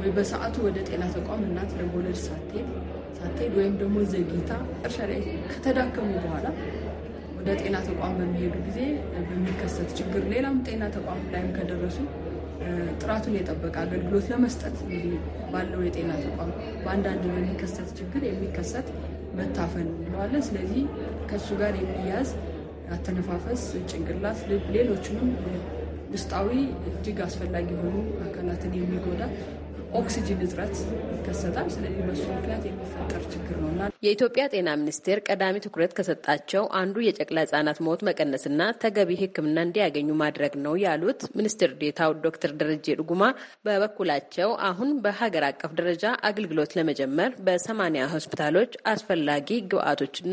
ወይ በሰዓቱ ወደ ጤና ተቋም እናት ለመውለድ ሳትሄድ ሳትሄድ ወይም ደግሞ ዘግይታ እርሻ ላይ ከተዳከሙ በኋላ ወደ ጤና ተቋም በሚሄዱ ጊዜ በሚከሰት ችግር ሌላም ጤና ተቋም ላይም ከደረሱ ጥራቱን የጠበቀ አገልግሎት ለመስጠት እንግዲህ ባለው የጤና ተቋም በአንዳንድ በሚከሰት ችግር የሚከሰት መታፈን እንለዋለን። ስለዚህ ከእሱ ጋር የሚያዝ አተነፋፈስ፣ ጭንቅላት፣ ልብ ሌሎችንም ውስጣዊ እጅግ አስፈላጊ የሆኑ አካላትን የሚጎዳ ኦክሲጅን እጥረት ይከሰታል። ስለዚህ በሱ ምክንያት የሚፈጠር ችግር ነው እና የኢትዮጵያ ጤና ሚኒስቴር ቀዳሚ ትኩረት ከሰጣቸው አንዱ የጨቅላ ህጻናት ሞት መቀነስና ተገቢ ሕክምና እንዲያገኙ ማድረግ ነው ያሉት ሚኒስትር ዴታው ዶክተር ደረጀ ድጉማ በበኩላቸው አሁን በሀገር አቀፍ ደረጃ አገልግሎት ለመጀመር በሰማኒያ ሆስፒታሎች አስፈላጊ ግብአቶችና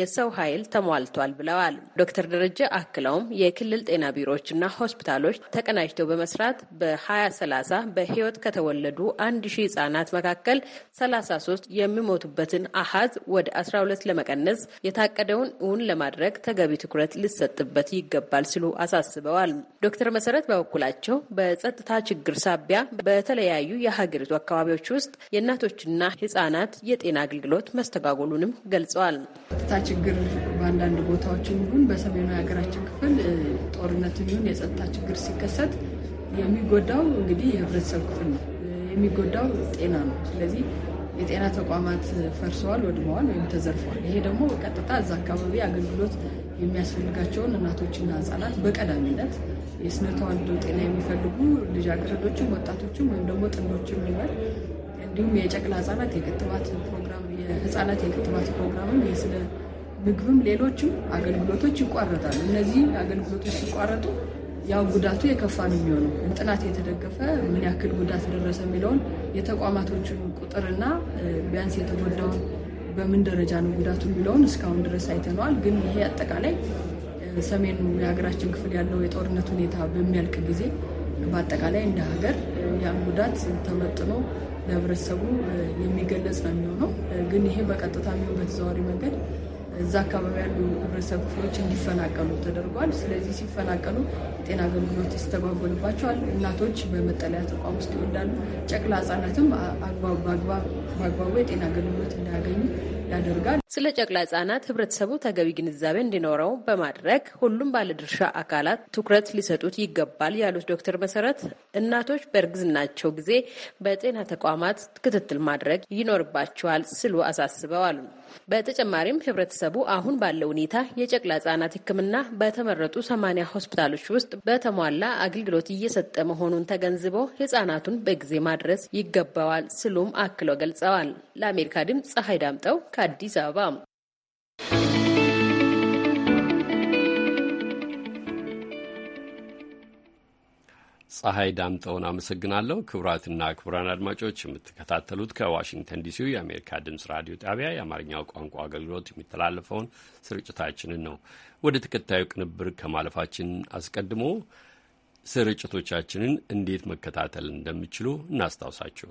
የሰው ኃይል ተሟልቷል ብለዋል። ዶክተር ደረጀ አክለውም የክልል ጤና ቢሮዎችና ሆስፒታሎች ተቀናጅተው በመስራት በ2030 በህይወት ከተወለዱ ከተወለዱ ሺህ ህጻናት መካከል 33 የሚሞቱበትን አሃዝ ወደ 12 ለመቀነስ የታቀደውን እውን ለማድረግ ተገቢ ትኩረት ሊሰጥበት ይገባል ሲሉ አሳስበዋል። ዶክተር መሰረት በበኩላቸው በጸጥታ ችግር ሳቢያ በተለያዩ የሀገሪቱ አካባቢዎች ውስጥ የእናቶችና ህጻናት የጤና አገልግሎት መስተጓጎሉንም ገልጸዋል። ጸጥታ ችግር በአንዳንድ ቦታዎችም ይሁን በሰሜኑ የሀገራችን ክፍል ጦርነት ይሁን የጸጥታ ችግር ሲከሰት የሚጎዳው እንግዲህ የህብረተሰብ ክፍል ነው። የሚጎዳው ጤና ነው። ስለዚህ የጤና ተቋማት ፈርሰዋል፣ ወድመዋል ወይም ተዘርፈዋል። ይሄ ደግሞ ቀጥታ እዛ አካባቢ አገልግሎት የሚያስፈልጋቸውን እናቶችና ህጻናት በቀዳሚነት የስነ ተዋልዶ ጤና የሚፈልጉ ልጃገረዶችም ወጣቶችም ወይም ደግሞ ጥንዶችም ይበል እንዲሁም የጨቅላ ህጻናት የክትባት ፕሮግራም የህጻናት የክትባት ፕሮግራምም የስነ ምግብም ሌሎችም አገልግሎቶች ይቋረጣሉ። እነዚህ አገልግሎቶች ሲቋረጡ ያው ጉዳቱ የከፋ ነው የሚሆነው። ጥናት የተደገፈ ምን ያክል ጉዳት ደረሰ የሚለውን የተቋማቶችን ቁጥርና ቢያንስ የተጎዳውን በምን ደረጃ ነው ጉዳቱ የሚለውን እስካሁን ድረስ አይተነዋል። ግን ይሄ አጠቃላይ ሰሜኑ የሀገራችን ክፍል ያለው የጦርነት ሁኔታ በሚያልቅ ጊዜ በአጠቃላይ እንደ ሀገር ያን ጉዳት ተመጥኖ ለህብረተሰቡ የሚገለጽ ነው የሚሆነው። ግን ይሄ በቀጥታ የሚሆን በተዘዋዋሪ መንገድ እዛ አካባቢ ያሉ ህብረተሰብ ክፍሎች እንዲፈናቀሉ ተደርጓል። ስለዚህ ሲፈናቀሉ የጤና አገልግሎት ይስተጓጎልባቸዋል። እናቶች በመጠለያ ተቋም ውስጥ ይወልዳሉ። ጨቅላ ህጻናትም በአግባቡ የጤና አገልግሎት እንዳያገኙ ያደርጋል። ስለ ጨቅላ ህጻናት ህብረተሰቡ ተገቢ ግንዛቤ እንዲኖረው በማድረግ ሁሉም ባለድርሻ አካላት ትኩረት ሊሰጡት ይገባል ያሉት ዶክተር መሰረት እናቶች በእርግዝናቸው ጊዜ በጤና ተቋማት ክትትል ማድረግ ይኖርባቸዋል ስሉ አሳስበዋል። በተጨማሪም ህብረተሰቡ አሁን ባለው ሁኔታ የጨቅላ ህጻናት ሕክምና በተመረጡ ሰማኒያ ሆስፒታሎች ውስጥ በተሟላ አገልግሎት እየሰጠ መሆኑን ተገንዝበ ህጻናቱን በጊዜ ማድረስ ይገባዋል ስሉም አክለው ገልጸዋል። ለአሜሪካ ድምፅ ፀሐይ ዳምጠው ከአዲስ አበባ ፀሐይ ዳምጠውን አመሰግናለሁ። ክቡራትና ክቡራን አድማጮች የምትከታተሉት ከዋሽንግተን ዲሲው የአሜሪካ ድምፅ ራዲዮ ጣቢያ የአማርኛው ቋንቋ አገልግሎት የሚተላለፈውን ስርጭታችንን ነው። ወደ ተከታዩ ቅንብር ከማለፋችን አስቀድሞ ስርጭቶቻችንን እንዴት መከታተል እንደሚችሉ እናስታውሳችሁ።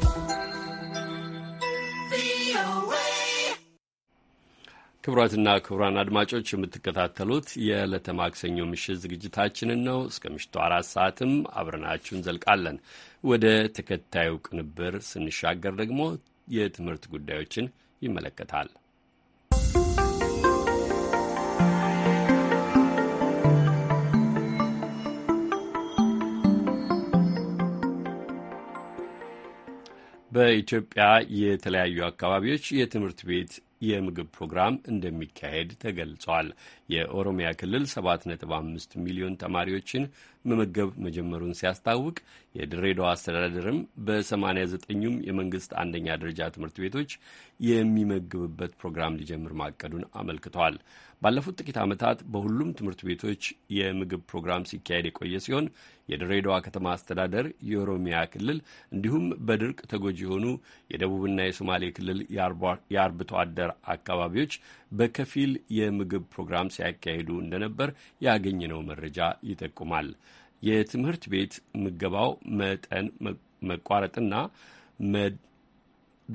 ክቡራትና ክቡራን አድማጮች የምትከታተሉት የዕለተ ማክሰኞ ምሽት ዝግጅታችንን ነው። እስከ ምሽቱ አራት ሰዓትም አብረናችሁ እንዘልቃለን። ወደ ተከታዩ ቅንብር ስንሻገር ደግሞ የትምህርት ጉዳዮችን ይመለከታል። በኢትዮጵያ የተለያዩ አካባቢዎች የትምህርት ቤት የምግብ ፕሮግራም እንደሚካሄድ ተገልጿል። የኦሮሚያ ክልል 7.5 ሚሊዮን ተማሪዎችን መመገብ መጀመሩን ሲያስታውቅ የድሬዳዋ አስተዳደርም በ89ኙም የመንግስት አንደኛ ደረጃ ትምህርት ቤቶች የሚመግብበት ፕሮግራም ሊጀምር ማቀዱን አመልክቷል። ባለፉት ጥቂት ዓመታት በሁሉም ትምህርት ቤቶች የምግብ ፕሮግራም ሲካሄድ የቆየ ሲሆን የድሬዳዋ ከተማ አስተዳደር፣ የኦሮሚያ ክልል እንዲሁም በድርቅ ተጎጂ የሆኑ የደቡብና የሶማሌ ክልል የአርብቶ አደር አካባቢዎች በከፊል የምግብ ፕሮግራም ሲያካሂዱ እንደነበር ያገኘነው መረጃ ይጠቁማል። የትምህርት ቤት ምገባው መጠን መቋረጥና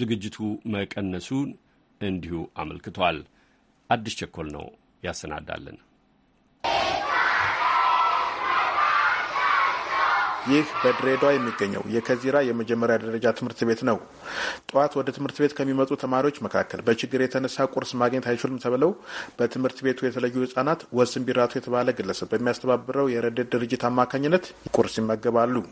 ዝግጅቱ መቀነሱን እንዲሁ አመልክቷል። አዲስ ቸኮል ነው ያሰናዳልን። ይህ በድሬዳዋ የሚገኘው የከዚራ የመጀመሪያ ደረጃ ትምህርት ቤት ነው። ጠዋት ወደ ትምህርት ቤት ከሚመጡ ተማሪዎች መካከል በችግር የተነሳ ቁርስ ማግኘት አይችሉም ተብለው በትምህርት ቤቱ የተለዩ ህጻናት ወስን ቢራቱ የተባለ ግለሰብ በሚያስተባብረው የረድድ ድርጅት አማካኝነት ቁርስ ይመገባሉ።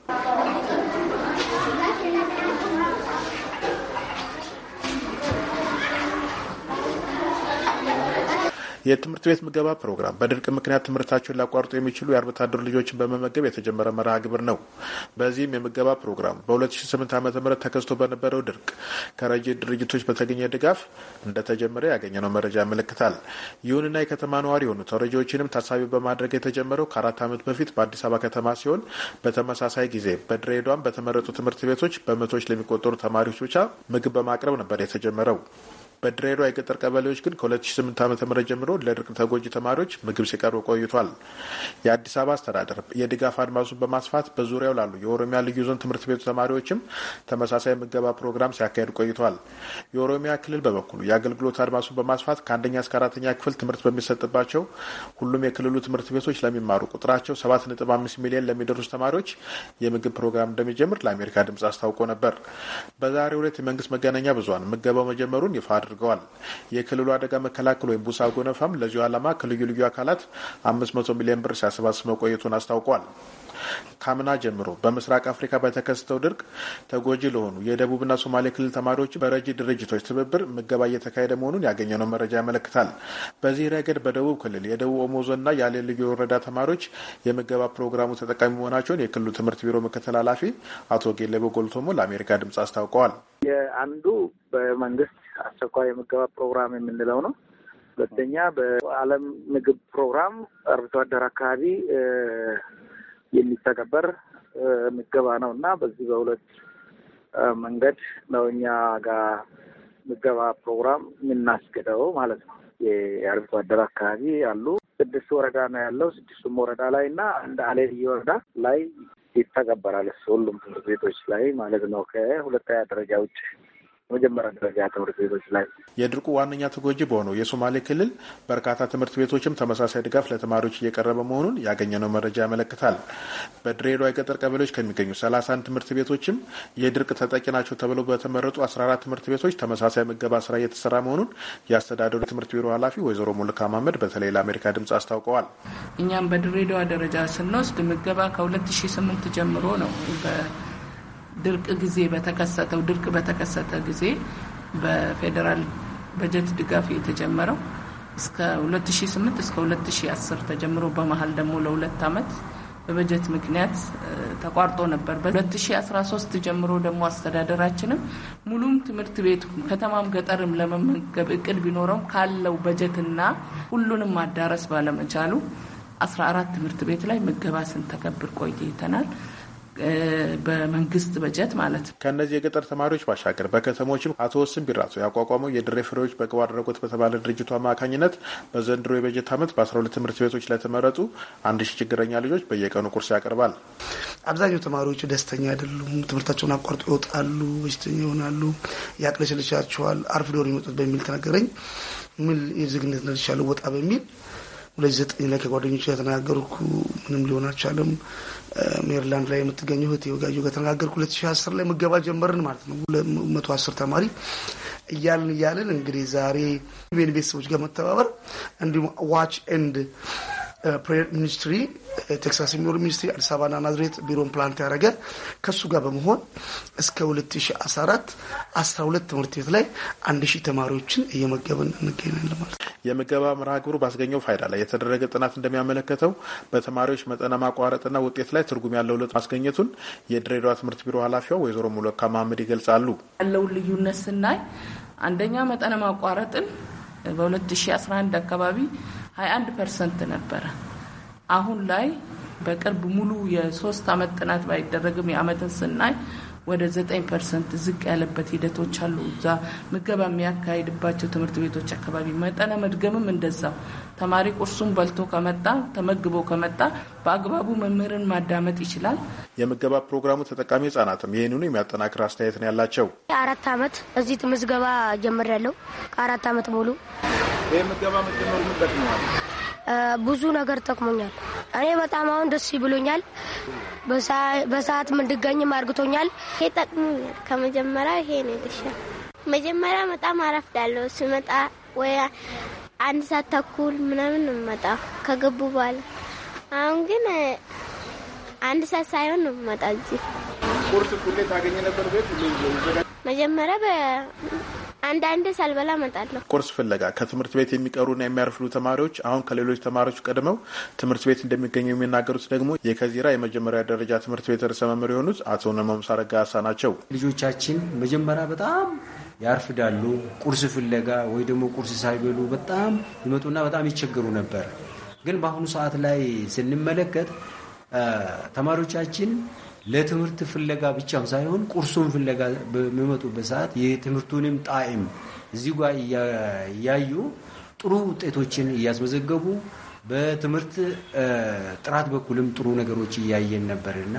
የትምህርት ቤት ምገባ ፕሮግራም በድርቅ ምክንያት ትምህርታቸውን ሊያቋርጡ የሚችሉ የአርብቶ አደር ልጆችን በመመገብ የተጀመረ መርሃ ግብር ነው። በዚህም የምገባ ፕሮግራም በ2008 ዓ ም ተከስቶ በነበረው ድርቅ ከረጅ ድርጅቶች በተገኘ ድጋፍ እንደተጀመረ ያገኘነው መረጃ ያመለክታል። ይሁንና የከተማ ነዋሪ የሆኑ ተረጂዎችንም ታሳቢ በማድረግ የተጀመረው ከአራት ዓመት በፊት በአዲስ አበባ ከተማ ሲሆን በተመሳሳይ ጊዜ በድሬዳዋም በተመረጡ ትምህርት ቤቶች በመቶዎች ለሚቆጠሩ ተማሪዎች ብቻ ምግብ በማቅረብ ነበር የተጀመረው። በድሬዳዋ የገጠር ቀበሌዎች ግን ከ2008 ዓ ም ጀምሮ ለድርቅ ተጎጂ ተማሪዎች ምግብ ሲቀርብ ቆይቷል። የአዲስ አበባ አስተዳደር የድጋፍ አድማሱን በማስፋት በዙሪያው ላሉ የኦሮሚያ ልዩ ዞን ትምህርት ቤቱ ተማሪዎችም ተመሳሳይ ምገባ ፕሮግራም ሲያካሄድ ቆይቷል። የኦሮሚያ ክልል በበኩሉ የአገልግሎት አድማሱን በማስፋት ከአንደኛ እስከ አራተኛ ክፍል ትምህርት በሚሰጥባቸው ሁሉም የክልሉ ትምህርት ቤቶች ለሚማሩ ቁጥራቸው 7.5 ሚሊዮን ለሚደርሱ ተማሪዎች የምግብ ፕሮግራም እንደሚጀምር ለአሜሪካ ድምጽ አስታውቆ ነበር። በዛሬው ዕለት የመንግስት መገናኛ ብዙኃን ምገባው መጀመሩን ይፋ አድርጓል። አድርገዋል። የክልሉ አደጋ መከላከል ወይም ቡሳ ጎነፋም ለዚሁ ዓላማ ከልዩ ልዩ አካላት አምስት መቶ ሚሊዮን ብር ሲያሰባስብ መቆየቱን አስታውቋል። ካምና ጀምሮ በምስራቅ አፍሪካ በተከሰተው ድርቅ ተጎጂ ለሆኑ የደቡብና ሶማሌ ክልል ተማሪዎች በረጂ ድርጅቶች ትብብር ምገባ እየተካሄደ መሆኑን ያገኘነው መረጃ ያመለክታል። በዚህ ረገድ በደቡብ ክልል የደቡብ ኦሞ ዞንና የአሌ ልዩ ወረዳ ተማሪዎች የምገባ ፕሮግራሙ ተጠቃሚ መሆናቸውን የክልሉ ትምህርት ቢሮ ምክትል ኃላፊ አቶ ጌሌቦ ጎልቶሞ ለአሜሪካ ድምጽ አስታውቀዋል። አንዱ በመንግስት አስቸኳይ የምገባ ፕሮግራም የምንለው ነው። ሁለተኛ በዓለም ምግብ ፕሮግራም አርብቶ አደር አካባቢ የሚተገበር ምገባ ነው እና በዚህ በሁለት መንገድ ነው እኛ ጋር ምገባ ፕሮግራም የምናስገደው ማለት ነው። የአርብቶ አደር አካባቢ ያሉ ስድስት ወረዳ ነው ያለው። ስድስቱም ወረዳ ላይ እና አንድ አሌልዬ ወረዳ ላይ ይተገበራል። እሱ ሁሉም ትምህርት ቤቶች ላይ ማለት ነው። ከሁለተኛ ደረጃ ውጭ መጀመሪያ ደረጃ ትምህርት ቤቶች ላይ። የድርቁ ዋነኛ ተጎጂ በሆነው የሶማሌ ክልል በርካታ ትምህርት ቤቶችም ተመሳሳይ ድጋፍ ለተማሪዎች እየቀረበ መሆኑን ያገኘነው መረጃ ያመለክታል። በድሬዳዋ የገጠር ቀበሌዎች ከሚገኙ 31 ትምህርት ቤቶችም የድርቅ ተጠቂ ናቸው ተብለው በተመረጡ 14 ትምህርት ቤቶች ተመሳሳይ ምገባ ስራ እየተሰራ መሆኑን የአስተዳደሩ ትምህርት ቢሮ ኃላፊ ወይዘሮ ሙልካ ማመድ በተለይ ለአሜሪካ ድምጽ አስታውቀዋል። እኛም በድሬዳዋ ደረጃ ስንወስድ ምገባ ከ2008 ጀምሮ ነው ድርቅ ጊዜ በተከሰተው ድርቅ በተከሰተ ጊዜ በፌዴራል በጀት ድጋፍ የተጀመረው እስከ 2008 እስከ 2010 ተጀምሮ በመሀል ደግሞ ለሁለት ዓመት በበጀት ምክንያት ተቋርጦ ነበር። በ2013 ጀምሮ ደግሞ አስተዳደራችንም ሙሉም ትምህርት ቤቱ ከተማም ገጠርም ለመመገብ እቅድ ቢኖረውም ካለው በጀትና ሁሉንም ማዳረስ ባለመቻሉ 14 ትምህርት ቤት ላይ ምገባ ስንተገብር ቆይተናል። በመንግስት በጀት ማለት ነው። ከእነዚህ የገጠር ተማሪዎች ባሻገር በከተሞችም አቶ ወስን ቢራሶ ያቋቋመው የድሬ ፍሬዎች በጎ አድራጎት በተባለ ድርጅቱ አማካኝነት በዘንድሮ የበጀት ዓመት በአስራ ሁለት ትምህርት ቤቶች ለተመረጡ አንድ ሺህ ችግረኛ ልጆች በየቀኑ ቁርስ ያቀርባል። አብዛኛው ተማሪዎቹ ደስተኛ አይደሉም። ትምህርታቸውን አቋርጦ ይወጣሉ፣ በሽተኛ ይሆናሉ፣ ያቅለሽልሻቸዋል። አርፍዶ ነው የሚመጡት በሚል ተነገረኝ። ምን የዜግነት ነድሻለሁ ወጣ በሚል ሁለት ዘጠኝ ላይ ከጓደኞች ጋር ተነጋገርኩ። ምንም ሊሆን አልቻለም። ሜሪላንድ ላይ የምትገኘው እህቴ ወጋየሁ ጋር ተነጋገርኩ። ሁለት ሺ አስር ላይ ምገባ ጀመርን ማለት ነው። መቶ አስር ተማሪ እያልን እያልን እንግዲህ ዛሬ ቤተሰቦች ጋር መተባበር እንዲሁም ዋች ኤንድ ፕሬር ሚኒስትሪ ቴክሳስ የሚኖር ሚኒስትሪ አዲስ አበባና ናዝሬት ቢሮን ፕላንት ያደረገ ከእሱ ጋር በመሆን እስከ 2014 12 ትምህርት ቤት ላይ አንድ ሺህ ተማሪዎችን እየመገብን እንገኛለን ማለት ነው። የምገባ መርሃ ግብሩ ባስገኘው ፋይዳ ላይ የተደረገ ጥናት እንደሚያመለከተው በተማሪዎች መጠነ ማቋረጥና ውጤት ላይ ትርጉም ያለው ለውጥ ማስገኘቱን የድሬዳዋ ትምህርት ቢሮ ኃላፊዋ ወይዘሮ ሙለካ ማህመድ ይገልጻሉ። ያለውን ልዩነት ስናይ አንደኛ መጠነ ማቋረጥን በ2011 አካባቢ 21 ፐርሰንት ነበረ። አሁን ላይ በቅርብ ሙሉ የሶስት አመት ጥናት ባይደረግም የአመትን ስናይ ወደ 9 ፐርሰንት ዝቅ ያለበት ሂደቶች አሉ። እዛ ምገባ የሚያካሄድባቸው ትምህርት ቤቶች አካባቢ መጠነ መድገምም እንደዛው ተማሪ ቁርሱን በልቶ ከመጣ ተመግቦ ከመጣ በአግባቡ መምህርን ማዳመጥ ይችላል። የምገባ ፕሮግራሙ ተጠቃሚ ህጻናትም ይህንኑ የሚያጠናክር አስተያየት ነው ያላቸው። አራት አመት እዚህ ምዝገባ ያለው ከአራት ዓመት ሙሉ ይህ ምገባ የምትኖርበት ነው። ጠቅመዋል? ብዙ ነገር ጠቅሞኛል። እኔ በጣም አሁን ደስ ብሎኛል። በሰዓት እንድገኝም አርግቶኛል። ይሄ ጠቅሙ ከመጀመሪያ ይሄ ነው የተሻለ። መጀመሪያ በጣም አረፍዳለሁ ስመጣ ወይ አንድ ሰዓት ተኩል ምናምን ነው የምመጣው ከገቡ በኋላ። አሁን ግን አንድ ሰዓት ሳይሆን ነው የምመጣው እዚህ። ቁርስ ሁሌ ታገኘ ነበር ቤት? መጀመሪያ አንዳንድ ሳልበላ እመጣለሁ። ቁርስ ፍለጋ ከትምህርት ቤት የሚቀሩና የሚያርፍሉ ተማሪዎች አሁን ከሌሎች ተማሪዎች ቀድመው ትምህርት ቤት እንደሚገኙ የሚናገሩት ደግሞ የከዚራ የመጀመሪያ ደረጃ ትምህርት ቤት ርዕሰ መምህር የሆኑት አቶ ነመምሳ ረጋሳ ናቸው። ልጆቻችን መጀመሪያ በጣም ያርፍዳሉ። ቁርስ ፍለጋ ወይ ደግሞ ቁርስ ሳይበሉ በጣም ይመጡና በጣም ይቸገሩ ነበር። ግን በአሁኑ ሰዓት ላይ ስንመለከት ተማሪዎቻችን ለትምህርት ፍለጋ ብቻም ሳይሆን ቁርሱን ፍለጋ በሚመጡበት ሰዓት የትምህርቱንም ጣዕም እዚህ ጋር እያዩ ጥሩ ውጤቶችን እያስመዘገቡ በትምህርት ጥራት በኩልም ጥሩ ነገሮች እያየን ነበርና።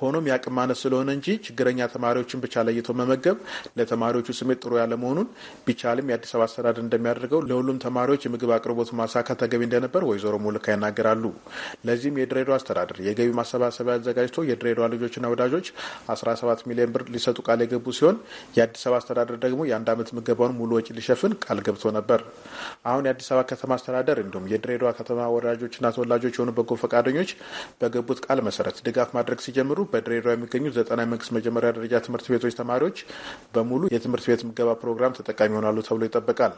ሆኖም የአቅም ማነስ ስለሆነ እንጂ ችግረኛ ተማሪዎችን ብቻ ለይቶ መመገብ ለተማሪዎቹ ስሜት ጥሩ ያለመሆኑን ቢቻልም የአዲስ አበባ አስተዳደር እንደሚያደርገው ለሁሉም ተማሪዎች የምግብ አቅርቦት ማሳካት ተገቢ እንደነበር ወይዘሮ ሙልካ ይናገራሉ። ለዚህም የድሬዳዋ አስተዳደር የገቢ ማሰባሰቢያ አዘጋጅቶ የድሬዳዋ ልጆችና ወዳጆች 17 ሚሊዮን ብር ሊሰጡ ቃል የገቡ ሲሆን የአዲስ አበባ አስተዳደር ደግሞ የአንድ ዓመት ምገባውን ሙሉ ወጪ ሊሸፍን ቃል ገብቶ ነበር። አሁን የአዲስ አበባ ከተማ አስተዳደር እንዲሁም የድሬዳዋ ከተማ ወዳጆችና ተወላጆች የሆኑ በጎ ፈቃደኞች በገቡት ቃል መሰረት ድጋፍ ማድረግ ሲጀምሩ በድሬዳዋ የሚገኙ ዘጠና የመንግስት መጀመሪያ ደረጃ ትምህርት ቤቶች ተማሪዎች በሙሉ የትምህርት ቤት ምገባ ፕሮግራም ተጠቃሚ ይሆናሉ ተብሎ ይጠበቃል።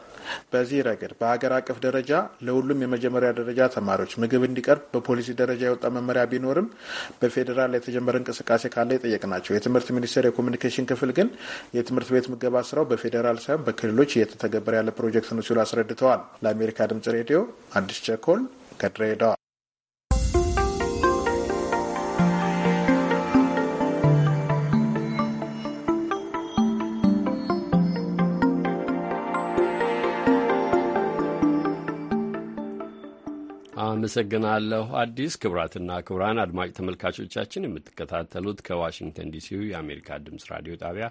በዚህ ረገድ በሀገር አቀፍ ደረጃ ለሁሉም የመጀመሪያ ደረጃ ተማሪዎች ምግብ እንዲቀርብ በፖሊሲ ደረጃ የወጣ መመሪያ ቢኖርም በፌዴራል የተጀመረ እንቅስቃሴ ካለ የጠየቅናቸው የትምህርት ሚኒስቴር የኮሚኒኬሽን ክፍል ግን የትምህርት ቤት ምገባ ስራው በፌዴራል ሳይሆን በክልሎች እየተተገበረ ያለ ፕሮጀክት ነው ሲሉ አስረድተዋል። ለአሜሪካ ድምጽ ሬዲዮ አዲስ ቸኮል ከድሬዳዋ። አመሰግናለሁ አዲስ። ክቡራትና ክቡራን አድማጭ ተመልካቾቻችን የምትከታተሉት ከዋሽንግተን ዲሲው የአሜሪካ ድምጽ ራዲዮ ጣቢያ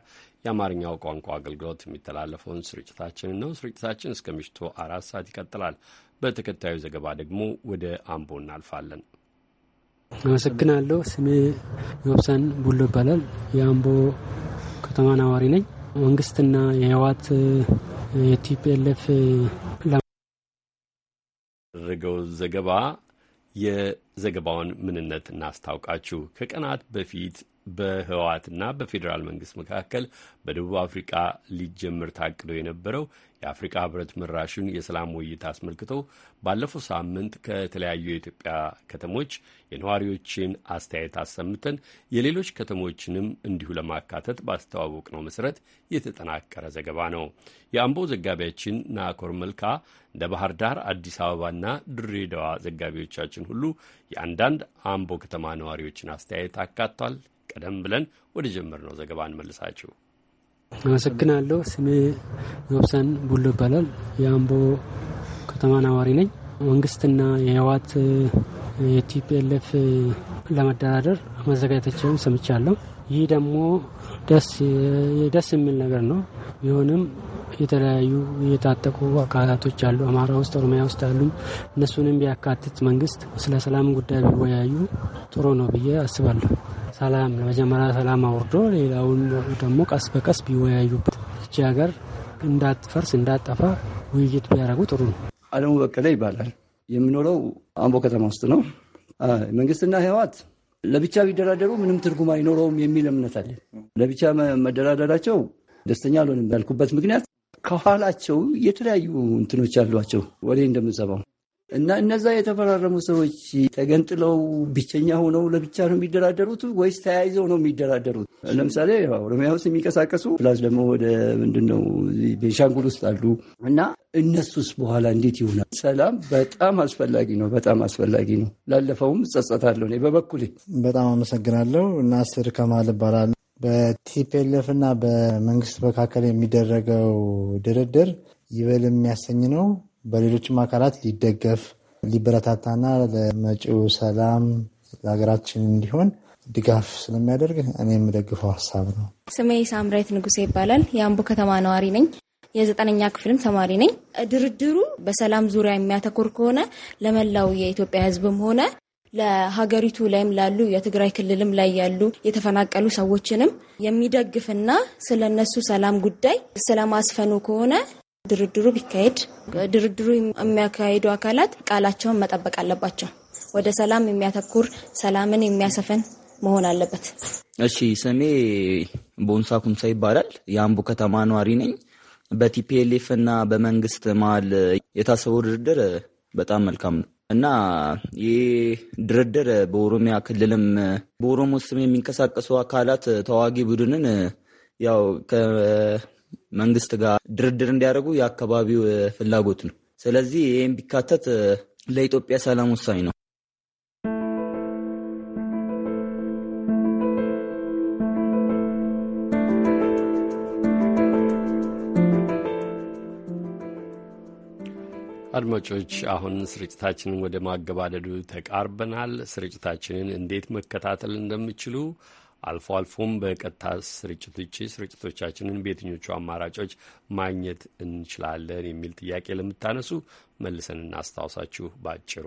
የአማርኛው ቋንቋ አገልግሎት የሚተላለፈውን ስርጭታችን ነው። ስርጭታችን እስከ ምሽቱ አራት ሰዓት ይቀጥላል። በተከታዩ ዘገባ ደግሞ ወደ አምቦ እናልፋለን። አመሰግናለሁ። ስሜ ዮብሰን ቡሎ ይባላል። የአምቦ ከተማ ነዋሪ ነኝ። መንግስትና የህወሓት የቲፒኤልኤፍ የተደረገው ዘገባ የዘገባውን ምንነት እናስታውቃችሁ። ከቀናት በፊት በህወሓትና በፌዴራል መንግስት መካከል በደቡብ አፍሪቃ ሊጀምር ታቅዶ የነበረው የአፍሪቃ ህብረት መራሹን የሰላም ውይይት አስመልክቶ ባለፈው ሳምንት ከተለያዩ የኢትዮጵያ ከተሞች የነዋሪዎችን አስተያየት አሰምተን የሌሎች ከተሞችንም እንዲሁ ለማካተት ባስተዋወቅ ነው መሰረት የተጠናቀረ ዘገባ ነው። የአምቦ ዘጋቢያችን ናኮር መልካ እንደ ባህር ዳር፣ አዲስ አበባና ድሬዳዋ ዘጋቢዎቻችን ሁሉ የአንዳንድ አምቦ ከተማ ነዋሪዎችን አስተያየት አካቷል። ቀደም ብለን ወደ ጀመርነው ዘገባ እንመልሳችሁ። አመሰግናለሁ። ስሜ ዮብሰን ቡሎ ይባላል። የአምቦ ከተማ ነዋሪ ነኝ። መንግስትና የህወሓት የቲፒኤልኤፍ ለመደራደር መዘጋጀታቸውን ሰምቻለሁ። ይህ ደግሞ ደስ የሚል ነገር ነው። ቢሆንም የተለያዩ የታጠቁ አካላቶች አሉ፣ አማራ ውስጥ፣ ኦሮሚያ ውስጥ አሉ። እነሱንም ቢያካትት መንግስት ስለ ሰላም ጉዳይ ቢወያዩ ጥሩ ነው ብዬ አስባለሁ። ሰላም ለመጀመሪያ ሰላም አውርዶ ሌላውን ደግሞ ቀስ በቀስ ቢወያዩበት እቺ ሀገር እንዳትፈርስ እንዳጠፋ ውይይት ቢያደርጉ ጥሩ ነው። አለሙ በቀለ ይባላል። የምኖረው አምቦ ከተማ ውስጥ ነው። መንግስትና ህወሓት ለብቻ ቢደራደሩ ምንም ትርጉም አይኖረውም የሚል እምነት አለ። ለብቻ መደራደራቸው ደስተኛ አልሆንም ያልኩበት ምክንያት ከኋላቸው የተለያዩ እንትኖች አሏቸው ወደ እንደምንሰማው እና እነዛ የተፈራረሙ ሰዎች ተገንጥለው ብቸኛ ሆነው ለብቻ ነው የሚደራደሩት ወይስ ተያይዘው ነው የሚደራደሩት? ለምሳሌ ኦሮሚያ ውስጥ የሚንቀሳቀሱ ፕላስ ደግሞ ወደ ምንድነው ቤንሻንጉል ውስጥ አሉ እና እነሱስ በኋላ እንዴት ይሆናል? ሰላም በጣም አስፈላጊ ነው፣ በጣም አስፈላጊ ነው። ላለፈውም ጸጸታለሁ እኔ በበኩሌ። በጣም አመሰግናለሁ። ናስር ከማል ይባላል። በቲፒኤልኤፍ እና በመንግስት መካከል የሚደረገው ድርድር ይበል የሚያሰኝ ነው። በሌሎችም አካላት ሊደገፍ ሊበረታታና ለመጪው ሰላም ለሀገራችን እንዲሆን ድጋፍ ስለሚያደርግ እኔ የምደግፈው ሀሳብ ነው። ስሜ ሳምራይት ንጉሴ ይባላል። የአምቦ ከተማ ነዋሪ ነኝ። የዘጠነኛ ክፍልም ተማሪ ነኝ። ድርድሩ በሰላም ዙሪያ የሚያተኩር ከሆነ ለመላው የኢትዮጵያ ሕዝብም ሆነ ለሀገሪቱ ላይም ላሉ የትግራይ ክልልም ላይ ያሉ የተፈናቀሉ ሰዎችንም የሚደግፍና ስለ እነሱ ሰላም ጉዳይ ስለማስፈኑ ከሆነ ድርድሩ ቢካሄድ ድርድሩ የሚያካሂዱ አካላት ቃላቸውን መጠበቅ አለባቸው። ወደ ሰላም የሚያተኩር ሰላምን የሚያሰፍን መሆን አለበት። እሺ፣ ስሜ ቦንሳ ኩምሳ ይባላል። የአምቦ ከተማ ነዋሪ ነኝ። በቲፒኤልኤፍ እና በመንግስት መሀል የታሰበው ድርድር በጣም መልካም ነው እና ይህ ድርድር በኦሮሚያ ክልልም በኦሮሞ ስም የሚንቀሳቀሱ አካላት ተዋጊ ቡድንን ያው መንግስት ጋር ድርድር እንዲያደርጉ የአካባቢው ፍላጎት ነው። ስለዚህ ይህም ቢካተት ለኢትዮጵያ ሰላም ወሳኝ ነው። አድማጮች አሁን ስርጭታችንን ወደ ማገባደዱ ተቃርበናል። ስርጭታችንን እንዴት መከታተል እንደምችሉ አልፎ አልፎም በቀጥታ ስርጭት ውጭ ስርጭቶቻችንን በየትኞቹ አማራጮች ማግኘት እንችላለን የሚል ጥያቄ ለምታነሱ መልሰን እናስታውሳችሁ ባጭሩ።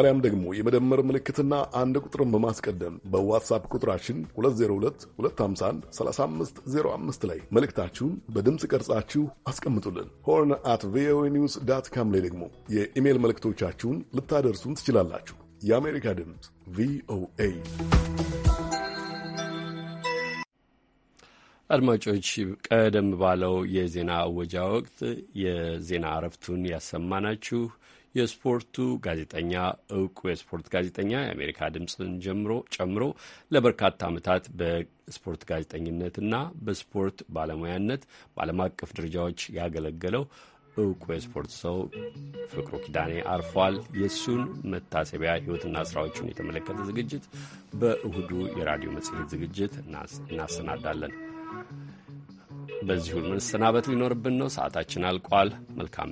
አሊያም ደግሞ የመደመር ምልክትና አንድ ቁጥርን በማስቀደም በዋትሳፕ ቁጥራችን 2022513505 ላይ መልእክታችሁን በድምፅ ቀርጻችሁ አስቀምጡልን። ሆርን አት ቪኦኤ ኒውስ ዳት ካም ላይ ደግሞ የኢሜይል መልእክቶቻችሁን ልታደርሱን ትችላላችሁ። የአሜሪካ ድምፅ ቪኦኤ አድማጮች ቀደም ባለው የዜና እወጃ ወቅት የዜና አረፍቱን ያሰማናችሁ የስፖርቱ ጋዜጠኛ እውቁ የስፖርት ጋዜጠኛ የአሜሪካ ድምፅን ጀምሮ ጨምሮ ለበርካታ ዓመታት በስፖርት ጋዜጠኝነትና በስፖርት ባለሙያነት በዓለም አቀፍ ደረጃዎች ያገለገለው እውቁ የስፖርት ሰው ፍቅሩ ኪዳኔ አርፏል። የእሱን መታሰቢያ ሕይወትና ስራዎቹን የተመለከተ ዝግጅት በእሁዱ የራዲዮ መጽሔት ዝግጅት እናሰናዳለን። በዚሁ ምንሰናበት ሊኖርብን ነው። ሰዓታችን አልቋል። መልካም